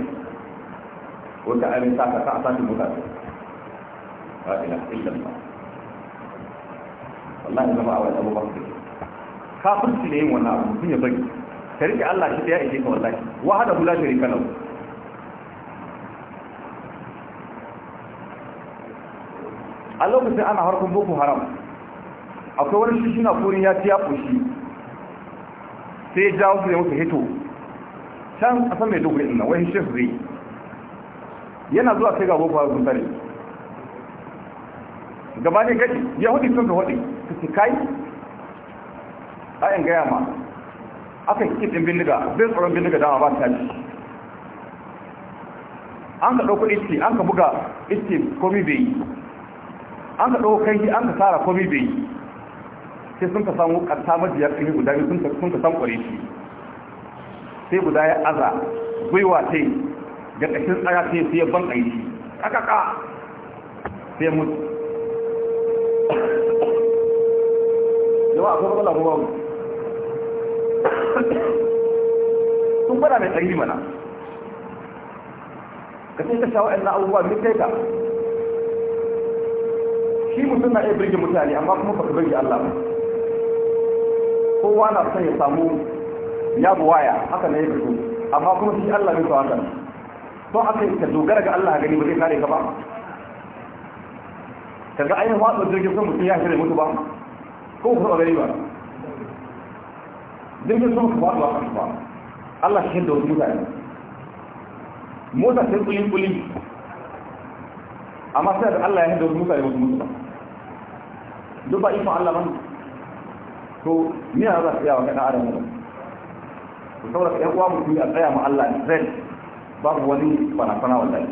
wata abin sa ka sa a sa mota fit la ilaha illallah wallahi zama a wani abu ba kafirci ne yin wannan abu mutum ya bari ka rike Allah shi ya ishe ka wallahi wa hada hula shari kana a lokacin ana harkar boko haram akwai wani shi shina kurin ya ci ya kushi sai ya jawo su ya mutu hito can kasan mai dogari ina wani shef zai yana zuwa kai ga boko haram sun sani gaba ne gaji yahudi sun ka waɗi ka kai ayin gaya ma aka yi ɗin bindiga bin tsoron bindiga dama ba ta ji an ka ɗauko iske an ka buga iske komi bai yi an ka ɗauko kai an ka tsara komi bai yi sai sun ka samu ƙarta majiyar ƙarfi guda biyu sun ka san ƙware shi sai guda ya aza gwiwa ta yi ga ƙashin tsaya ta yi sai ya ban ƙaishi ƙaƙaƙa sai mutu yawa akwai matsala ko babu sun gwada mai tsari mana ka sai ka sha wa'annan abubuwa duk kai ka shi mutum na iya birge mutane amma kuma ba baka birge Allah ba kowa na son ya samu ya waya haka na ya fito amma kuma shi Allah bai sawa kan to aka ka dogara ga Allah gani ba zai kare ka ba kaga ainihin wasu jirgin sun mutum ya shirya mutu ba ko kuma gari ba jirgin sama ka faɗuwa kan ba Allah shi da wasu mutane mota sai kulin kuli amma sai da Allah ya hinda wasu mutane wasu mutu ba duk ba ikon Allah ban to ni a ka tsaya wa adam ba ku saboda ya uwa mutum a tsaya ma Allah ne zai babu wani kwana-kwana wallahi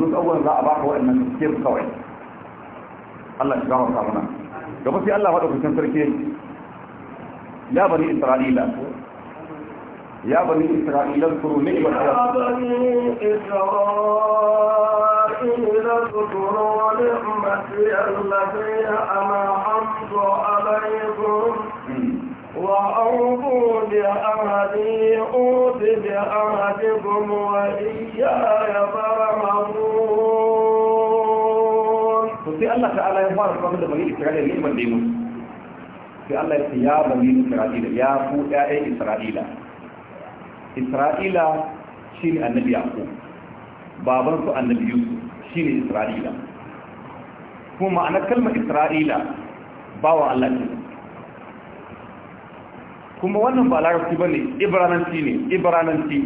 duk abubuwan za a baka waɗannan tafiyar kawai Allah shi gafarta mana gaba sai Allah maɗaukakin sarki ya bani isra'ila يا بني إسرائيل اذكروا نعمة يا بني إسرائيل اذكروا نعمتي التي حمد عليكم وأوفوا بأهدي أوف بأهدكم وإياي فارهبون sai Allah ta'ala ya fara kwanar da bani Isra'ila ne da yi musu sai Allah ya ce ya bani Isra'ila ya ku ƴaƴan Isra'ila Isra'ila shine annabi Yaqub baban su annabi Yusuf shine Isra'ila kuma ma'anar kalmar Isra'ila bawa Allah ce kuma wannan ba larabci ba ne ibrananci ne ibrananci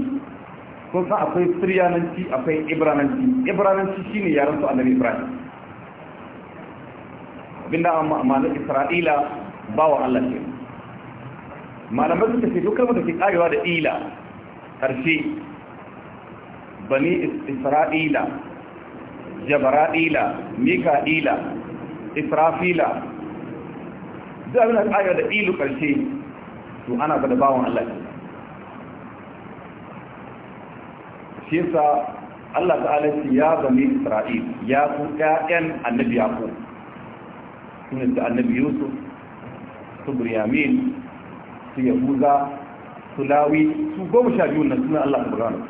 kun san akwai siryananci akwai ibrananci ibrananci shine yaran su annabi ibrahim abinda amma amanar isra'ila ba wa Allah ce malamai suka ce dukkan mata ke karewa da ila ƙarshe bani isra'ila jabara'ila mika'ila israfila duk abin da karewa da ilu ƙarshe to ana ga da bawan Allah ce shi yasa Allah ta'ala ya bani isra'il ya ku ƴaƴan annabi ku. su ne su annabi yusuf su buryamin su yahuza su lawi su goma sha biyu na suna allah subhanahu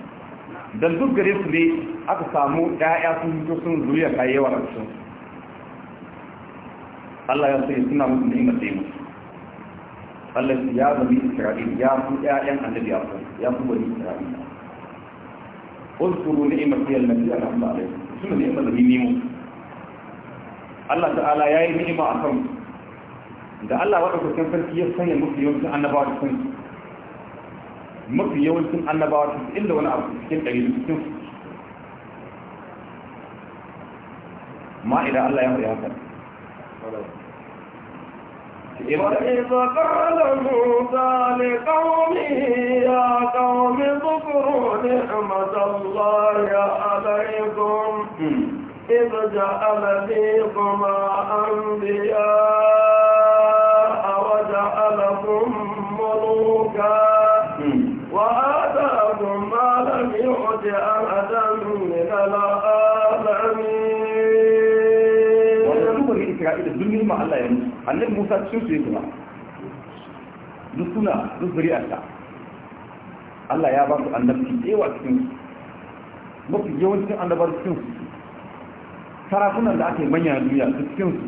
dan duk gare su ne aka samu ɗaya sun hito sun zuriya a cikin Allah ya sanya suna musu ni'imar da taimu Allah ya zama Isra'il ya fi ƴaƴan annabi Yaqub ya fi wani Isra'il Uzkuru ni'imati allati an'amta alaykum suna ni'imar da ni mu Allah ta'ala ya yi ni'ima a kan da Allah wadda kusan sarki ya sanya mafi yawancin annabawa da sun mafi yawancin annabawa sun inda wani abu cikin ɗari cikin ma idan Allah ya faɗi haka وإذ قال موسى لقومه يا قوم اذكروا نعمة الله عليكم إذ جعل فيكما أنبياء وجعلكم ملوكا وآتاكم ما لم يؤت أحدا من العالمين wannan duk wani isra'ila Allah ya ba duk suna duk Allah ya su annabci yawa cikin su mafi yawancin annabar cikin su sarakunan da aka yi manya duniya su cikin su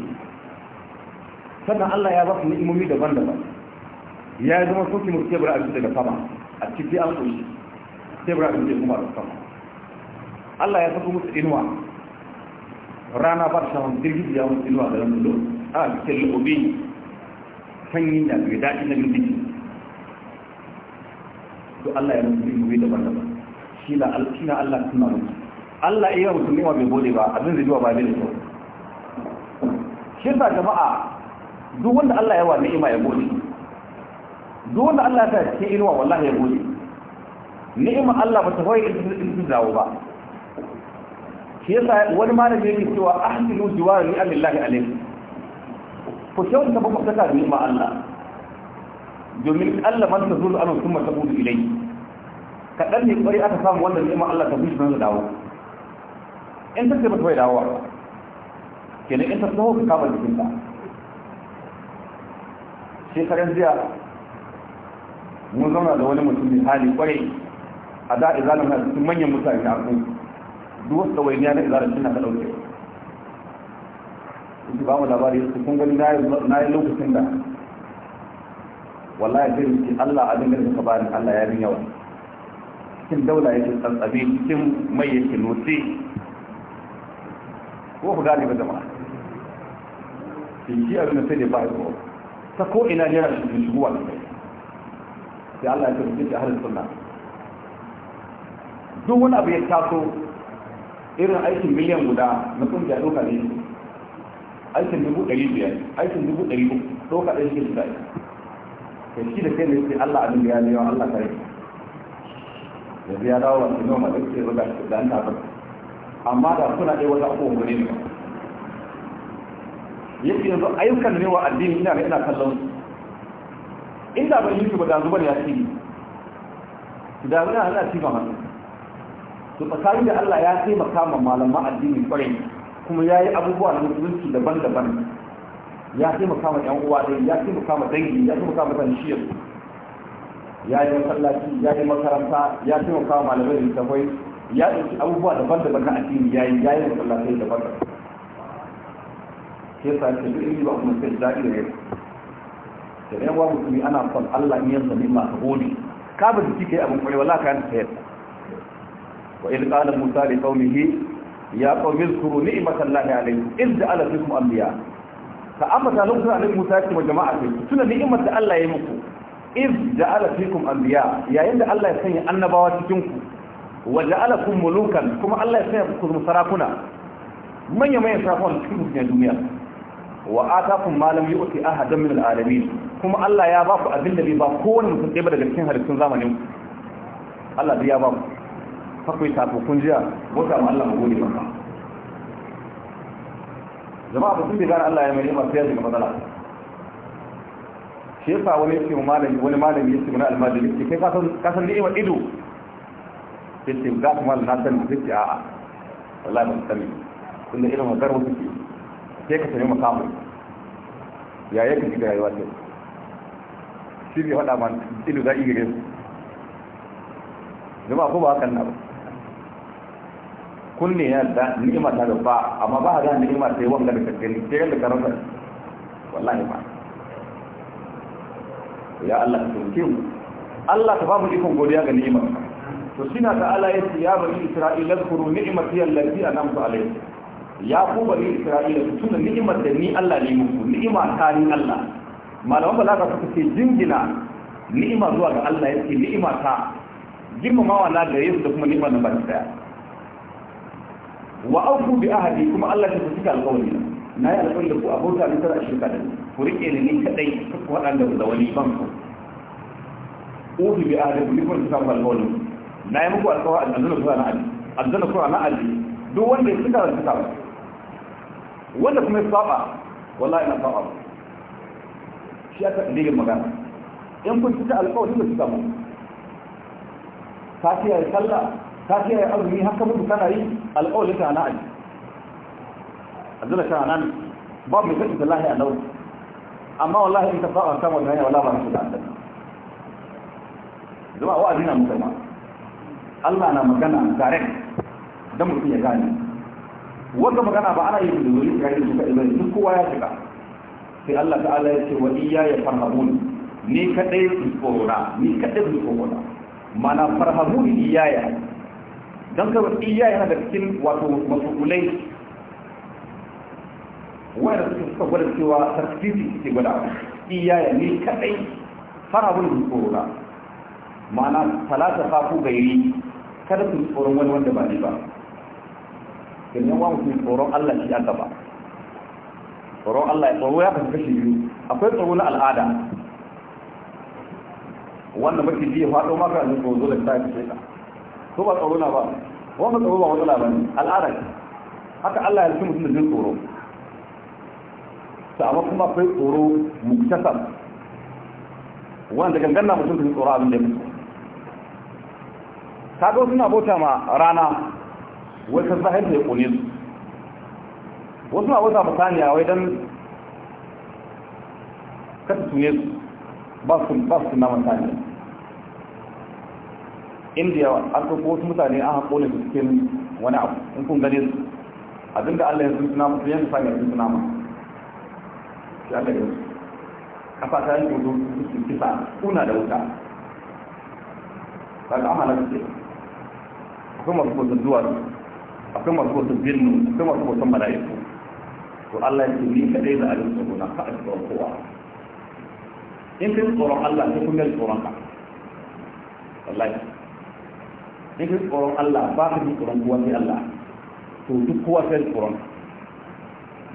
sannan Allah ya ba su ni'imomi daban-daban ya yi zama soke mutu tebura abinci daga sama a cikin an soshi tebura abinci kuma da sama Allah ya saku musu inuwa rana ba ta wani jirgin ya musu inuwa da ranar lo a cikin lobe sanyi da mai daɗi na jirgin to Allah ya musu ni'imomi daban-daban shi na Allah suna musu Allah iya musulmi wa bai gode ba abin zai ba bai da shi sa jama'a duk wanda Allah ya wa ni'ima ya bode, duk wanda Allah ya ta ce inuwa wallahi ya bode, ni'ima Allah ba ta hoye in dawo ba shi yasa wani malami yake cewa ahsinu jiwara ni alillahi alayhi ku kyauta ba mutaka ta ni'ima Allah domin Allah man tazulu an kuma tabudu ilayhi kadan ne kwari aka samu wannan ni'ima Allah ta bushe nan dawo in ta ce ba ta bai dawowa kenan in ta taho ka kama jikin ta shekaran jiya mun zauna da wani mutum mai hali kwarai a da izalin na cikin manyan mutane a kun duk wasu ɗawainiya na izalin shi na ka ɗauke su ba mu labari su kun gani na yi lokacin da wallahi zai rike allah abin da suka bani allah ya bin yawa cikin daula yake tsantsabe cikin mai yake notse. ko ku gane ba jama'a shi abin da sai da ba ya ta ko ina ne yana shigowa da kai sai Allah ya tafi da halin sunna duk wani abu ya taso irin aikin miliyan guda na kungiya doka ne aikin dubu ɗari biyar aikin dubu ɗari uku doka ɗari shi da kai shi da kai ne sai Allah abin da ya wa Allah kare ya biya dawo wa sinoma da ke da an tafi amma da suna ɗaya wata abubuwan gare ne yake yanzu ayyukan ne wa addini ina ina kallon inda ban yi su ba da zubar ya ci da zuwa ana ci ba hannu su tsakanin da Allah ya taimaka ma malama addini kwarai kuma ya yi abubuwa na musulunci daban-daban ya taimaka ma 'yan uwa ɗaya ya taimaka ma dangi ya taimaka shi tanshiyar ya yi masallaci ya yi makaranta ya taimaka ma malamai da littafai ya ɗauki abubuwa daban-daban na addini ya yi ya yi daban-daban ke sa ce duk ilmi ba kuma sai daɗi da yau da ɗan wa musulmi ana son Allah in yanzu ne masu gode ka ba jiki kai abin kwarai wala ka ta yadda wa in qala musa li qaumihi ya ni in qaumi in da alaykum id kuma fikum anbiya ka ambata lokacin annabi musa ya ce ma jama'a kai tuna ni'imar da Allah ya yi muku id ja'ala fikum anbiya yayin da Allah ya sanya annabawa cikin ku Waje waja'alakum mulukan kuma Allah ya sanya ku zama sarakuna manya manyan sarakuna cikin dukiyar duniya wa atakum ma lam aha don min al'alamin kuma Allah ya ba ku abin da bai ba kowane mutum ɗaya daga cikin halittun zamanin Allah ya ba ku fakwai tafi kun jiya wata ma Allah mu gode maka jama'a ba sun bi gane Allah ya mai ni'ima sai ya shiga matsala shi yasa wani yake wani malami yake mana almajiri ke kai ka san ni'imar ido sai ce ga kuma na san sai ce a'a wallahi ban sani tunda irin magana wasu ke sai ka sami makamu ya yake shiga rayuwa ce shi ne faɗa ma ilu za a iya su zama ko ba hakan na ba kunne ya da ni'ima ta da ba amma ba ga ni'ima sai wanga da kakkani sai da karanta wallahi ba ya Allah ka tsoke mu Allah ka ba mu ikon godiya ga ni'imar ka to shi na ta'ala ya ce ya bari isra'ila zukuru ni'imati allati an'amtu alayhi ya ku bari isra'ila su tuna ni'imar da ni Allah ne muku ni'ima ta ni Allah malaman ka suka ce jingina ni'ima zuwa ga Allah ya ce ni'ima ta girmamawa na da yesu da kuma ni'ima na bari daya wa auku bi ahadi kuma Allah ya tafi alƙawari na yi alƙawari da ku abota ne tara shirka da ku rike ni ni kadai ku waɗanda da wani ban ku ubi bi ahadi ku kuma samu alƙawari na yi muku alkawar aljanna kuma na ali aljanna kuma na ali duk wanda ya cika da cika wanda kuma ya saba wala ina saba shi aka dalilin magana in kun cika alkawar da cika mu ka kiyaye sallah ka kiyaye azumi haka mutu kana yi alkawar da na ali aljanna kana nan ba mai kace wallahi a nau, amma wallahi in ka saba kan wannan wala ba su da aljanna zama wa'azi na musulma Allah na magana direct don mutum ya gane wanda magana ba ana yin da wuri ga yin suka ilmi duk kowa ya shiga sai Allah ta'ala ya ce wa iya ya farhabun ni kadai su tsora ni kadai su tsora mana farhabun iyaya don ka iya yana da cikin wato masu'ulai wanda suka suka gwada cewa sarkiti suke gwada ya ni kadai farhabun su tsora mana talata fafu gairi kada ku tsoron wani wanda ba ni ba domin wa mutum tsoron Allah shi an gaba tsoron Allah ya tsoro ya kasu kashi biyu akwai tsoro na al'ada wannan mafi biyu faɗo maka ne tsoro zo da ta yi sheka ko ba tsoro na ba wannan tsoro ba matsala ba ne al'ada ce haka Allah ya rufe mutum da jin tsoro ta amma kuma akwai tsoro muktasar wanda gangan na mutum da tsoro abin da ya mutu kaga suna bauta ma rana wai ta zahir da ya kone su wasu na bauta ma saniya wai don kasa tune su ba su ba su nama saniya indiya an ko wasu mutane an haƙo ne su cikin wani abu in kun gane su da allah ya sun suna su yanzu saniya sun nama shi allah ya sun kafa ta yi kudu su kisa kuna da wuta ga an su ce akwai masu bautan duwatsu akwai masu bautan birni akwai masu bautan mala'iku to Allah ya ce ni kadai da abin tsoro na ka tsoron kowa in kai tsoron Allah sai kuma yi tsoron ka wallahi in kai tsoron Allah ba ka yi tsoron kowa sai Allah to duk kowa sai tsoron ka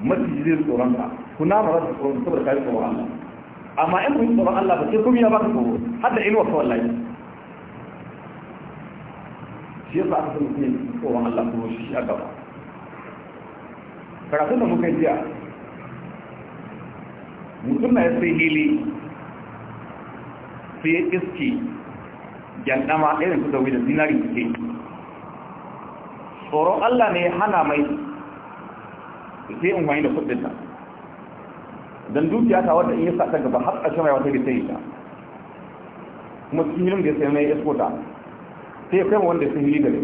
mafi jiri tsoron ka kuna ba za su tsoron saboda ka yi tsoron Allah amma in kun tsoron Allah ba sai kuma ya ba ka tsoro har da inuwa ka wallahi shi yasa aka sani ne tsoron Allah kuma shi a gaba karatun da muka jiya mutum na ya sai hili sai ya iski gyandama irin su da da zinari suke tsoron Allah ne ya hana mai sai in wani da kudin nan don dukiya ta wadda in yi sa ta gaba har ƙarshen rayuwa ta bi ta yi ta kuma cikin da ya sai mai ya iskota sai kai wanda sun yi gari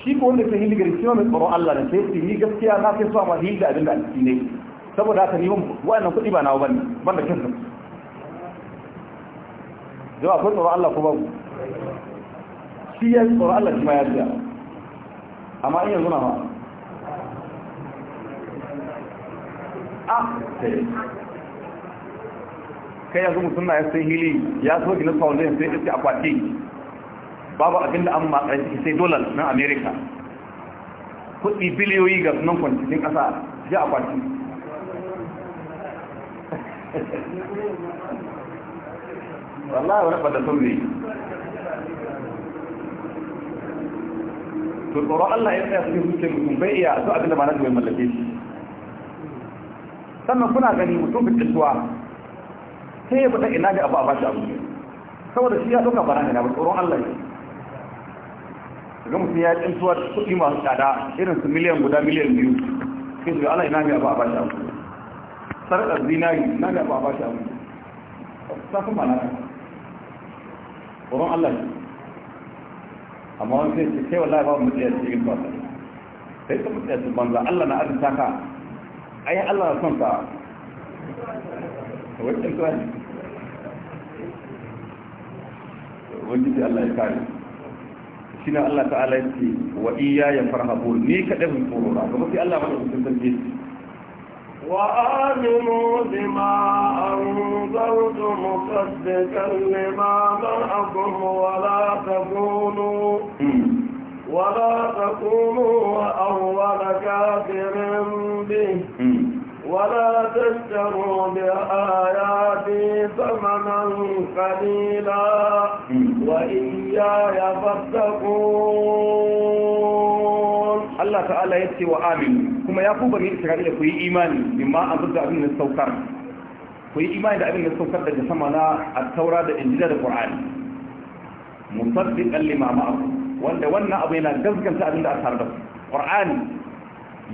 shi ko wanda sun yi gari shi mai tsoron Allah ne sai su yi gaskiya na sai su amma yi da abin da alƙi ne saboda haka ni wannan kuɗi ba nawa bane banda kin su da akwai tsoron Allah ko babu shi ya tsoron Allah shi ma ya tsaya amma in yanzu na ma a ah, kai yanzu mutum na ya sai hili ya so gina foundation sai ya ce akwati babu abin da an matsayi sai dolar na amerika kudi biliyoyi ga sunan kwanciyar ƙasa ji a kwanci <laughs> wallahi wani ɓada sun ne to tsoron allah ya tsaye suke suke mutum bai iya su abin da ba na mai mallake shi sannan kuna gani mutum fitattuwa sai ya fita ina ga abu a bashi abu saboda shi ya ɗauka barani na ba tsoron allah ya kaga mutum ya tsintuwa da kuɗi masu tsada irin su miliyan guda miliyan biyu sai su ala ina mai abu a ba shi abu sarƙar zinari ina mai ba a ba shi abu ta kuma na ka ƙoron allah ne amma wani sai ce kai wallahi ba mu tsaya cikin ba sai ta mutsaya cikin banza allah na arzuta ka ayi allah na son ka wajen tuwa ne wajen da allah shine Allah ta'ala yake wa iyaya farhabu ni kada mun tsoro ba kuma sai Allah madaukakin sarki وآمنوا بما أنزلت مصدقا لما معكم ولا تكونوا tattaqun Allah ta'ala yace wa amin kuma ya ku bani Isra'ila ku yi imani bimma anzalta abin da saukar ku yi imani da abin da saukar daga sama na at-taura da injila da qur'ani musaddiqan lima ma'akum wanda wannan abu yana gaskanta abin da aka rubuta qur'ani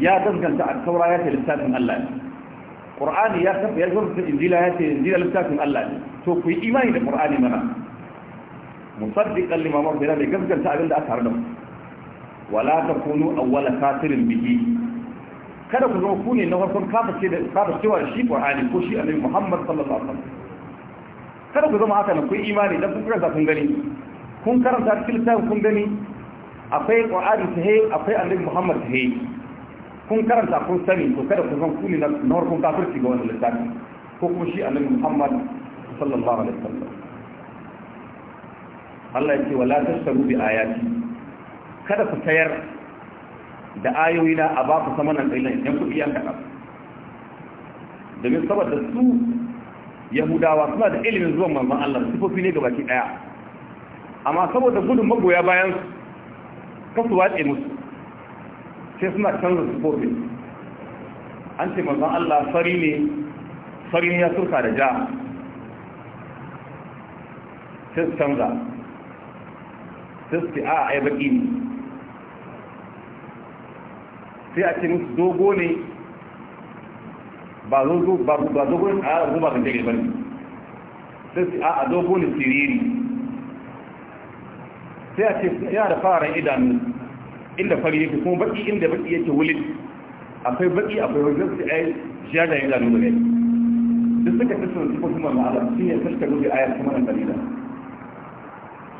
ya gaskanta at-taura ya ce littafin Allah ne qur'ani ya tabbata ya gaskanta injila ya ce injila littafin Allah ne to ku yi imani da qur'ani mana musaddiqan lima ma bayna mai gaskanta abin da aka harda wala takunu awwala kafirin bihi kada ku zama ku na farkon kafirce da kafircewa shi Qur'ani ko shi Annabi Muhammad sallallahu alaihi wasallam kada ku zama haka na kun imani dan kun karanta kun gani kun karanta cikin littafin kun gani akwai Qur'ani sahihi akwai Annabi Muhammad ta sahihi kun karanta kun sani to kada ku zama ku na farkon kafirci ga wannan littafin ko kuma shi Annabi Muhammad sallallahu alaihi wasallam Allah ya ce wala tasaru bi ayati kada ku tayar da ayoyi na a ba ku sama nan dalilan yan kuɗi an kaɗa domin saboda su yahudawa suna da ilimin zuwan manzon Allah sifofi ne gabaki ɗaya amma saboda gudun magoya bayan ka su watse musu sai suna canza sifofin an ce manzon Allah fari ne fari ne ya turka da ja sai su canza sai a a ai baki ne sai a ce musu dogo ne ba zo ba dogo ne a zuba kan jirgin bane sai su a dogo ne siriri sai a ce yana da fara idanu inda fari yake kuma baki inda baki yake wulin akwai baki akwai wajen su ai jajayen idanu ne duk suka fi sun sifofin ma'ala shi ne suka rufe ayar kuma na dalila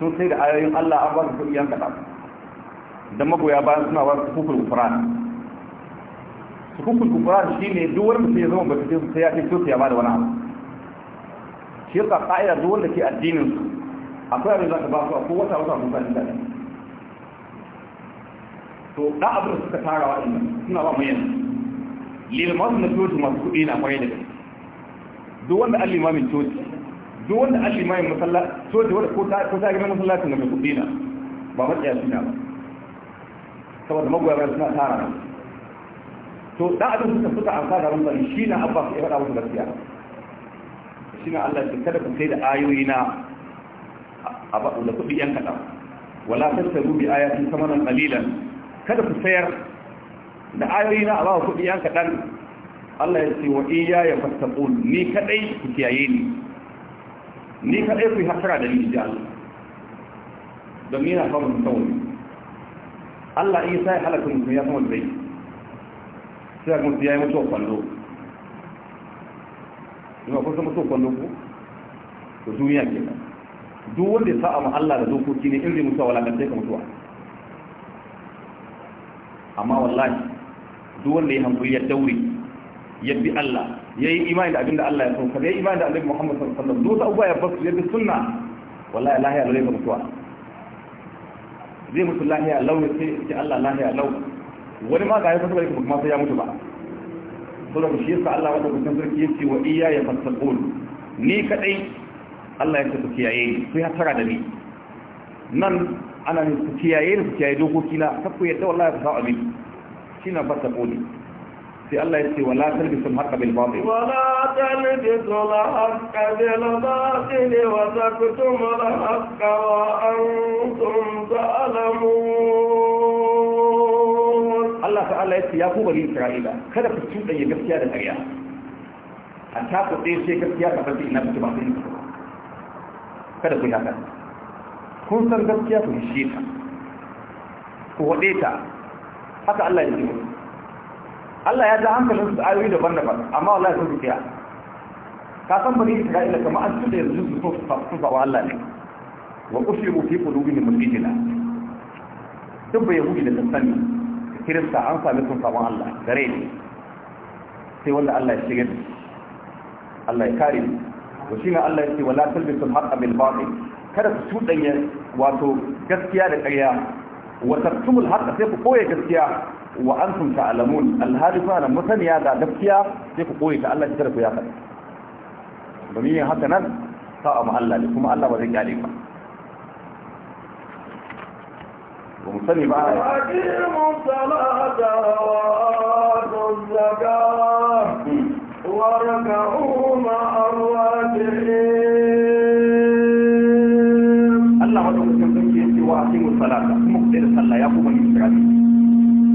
sun sai da ayoyin Allah an ba su kuɗi yan kaɗan don magoya bayan suna ba su kufur kufuran su kufur kufuran shi ne duk wani mutum ya zama ba su sai ya fi to ya ba da wani abu shi yasa ka'ida duk wanda ke addinin su akwai abin za ka ba su akwai wata wata sun sani daɗi to da abu da suka tara ina suna ba mu yanzu lilmasu na coci masu kuɗi na kwaye da duk wanda an limamin coci duk wanda an limayin masallaci so da wanda ko ta gina masallacin da mai kuɗi na ba matsaya suna ba saboda magoya bayan suna tara na to da abin suka suka amsa da ramzan shi na abba su ya faɗa musu gaskiya shi na allah ce kada ku sai da ayoyi na a baɗo da kuɗi yan kaɗan wala rubi aya sun ayatin nan qalilan kada ku sayar da ayoyi na a ba kuɗi yan kaɗan Allah ya ce wa iya ya fattaqun ni kadai ku kiyaye ni ni kaɗai ku yi hasara da ni ja don yana kawo mutum wani Allah in sai halaka mutum ya kuma zai sai ga mutum ya yi mutuwa kwallo ina kun san mutuwa kwallo ku to duniya ke nan duk wanda ya sa'a ma Allah da dokoki ne in zai mutuwa wala kan sai ka mutuwa amma wallahi duk wanda ya hankuri ya daure ya bi Allah yayi imani da abinda Allah ya so kada yayi imani da Annabi Muhammad sallallahu alaihi wasallam duk abuwa ya basu ya sunna wallahi lahiya lalle ba mutuwa zai mutu lahiya lau ya ce Allah lahiya lau wani ma ga ya fasa barka kuma sai ya mutu ba saboda shi yasa Allah wanda kusan sarki yace wa iya ya fasaqul ni kadai Allah ya ce ku kiyaye ni sai ya tara da ni nan ana ne ku kiyaye ni kiyaye dokokina na ku yadda wallahi ku sa abin shi na fasaqul sai Allah ya ce wala talbisul haqqa bil batil wala talbisul haqqa bil batil wa taktumul haqqa wa antum ta'lamun Allah ta'ala ya ce ya ku bari Isra'ila kada ku tudanye gaskiya da ƙarya a ta ku dai sai gaskiya ka fadi ina fito ba sai kada ku yi haka kun san gaskiya ku shi ta ku wade ta haka Allah ya ce muku Allah ya ja hankalin su ayoyi daban-daban amma wallahi sun rufiya ka san bani Isra'ila kama an tunda yanzu su so su fa Allah ne wa usiru fi qulubihim al-ijla duk bai yahudi da sani kirista an sami sun sabon Allah gare ne sai wanda Allah ya shiga da Allah ya kare to shine Allah ya ce wala talbisul haqqa bil batil kada su tudanya wato gaskiya da ƙarya وتكتموا الحق في قوية كالكيا وأنتم تعلمون الهادفة لما ثانية دفكيا في قوية كالله تتركوا يا خد بمية حتى نال طاقم الله لكم الله وذيك عليكم ومثاني بقى وأقيم الصلاة وآتوا الزكاة وركعوا مع الراجعين sai da sallah ya kuma yin shirafi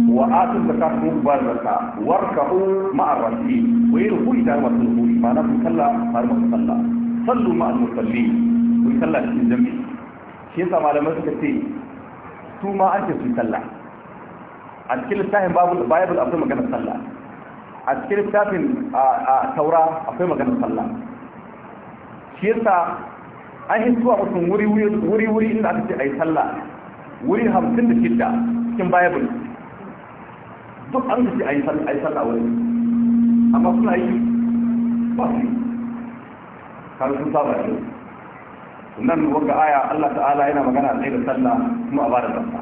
wa atun zakat ko bar zakka warkahu yi rukuni da masu har sallu musalli ku cikin shi yasa suka ce su ma an ce su sallah a cikin littafin bible akwai maganar sallah a cikin littafin a taura akwai sallah shi yasa an yi zuwa wuri-wuri inda aka ce a yi sallah wuri hamsin da shida cikin bible duk an da ce a yi sallah wani amma suna yi ba su yi kan sun saba shi nan wanga aya Allah ta'ala yana magana a tsaye da sallah kuma a bada zakka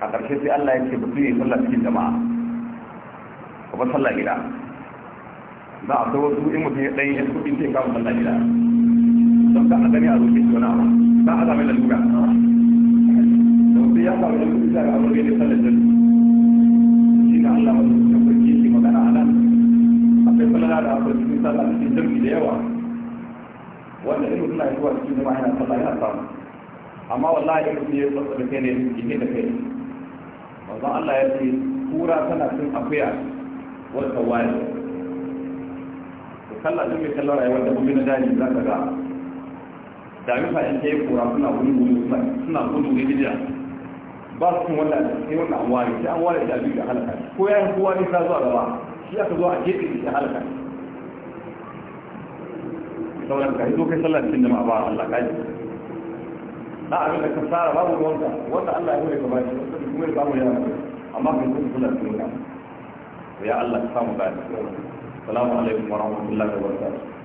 a ƙarshe sai Allah ya ce ba su yi sallah cikin jama'a ba ba sallah gida za a kawo su in mutum ya ɗan yi kuɗin ce kawo sallah gida don ka a gani a roƙe suna ba abu za a zama lalura sai ya samu yanzu bisa ga amurka da sallar jallu shi na allah masu kusan farki shi magana a nan akwai falala da akwai cikin sallah cikin jirgi da yawa wanda ido suna yi zuwa cikin jama'a yana sallah yana samu amma wallahi irin ne ya tsotsa da kai ne jike da kai manzon allah ya ce kura tana cin akuya wata wani sallah duk mai kallon rayuwar da kuma na daji za ka ga da rufa in kura suna wuri wuri suna gudu ne jiya ba su cin wannan sai wannan an ware sai an ware da a biyu da halaka ko ya yi kowa nisa zuwa gaba shi aka zo a gefe da halaka sauran ka zo kai sallah cikin jama'a ba Allah ka ji na abin da ka tsara babu ruwanka wanda Allah ya hore ka bashi wanda kuma ya samu yana amma ka zo sallah cikin jama'a ya Allah ka samu gani salamu alaikum wa rahmatullahi wa barakatuh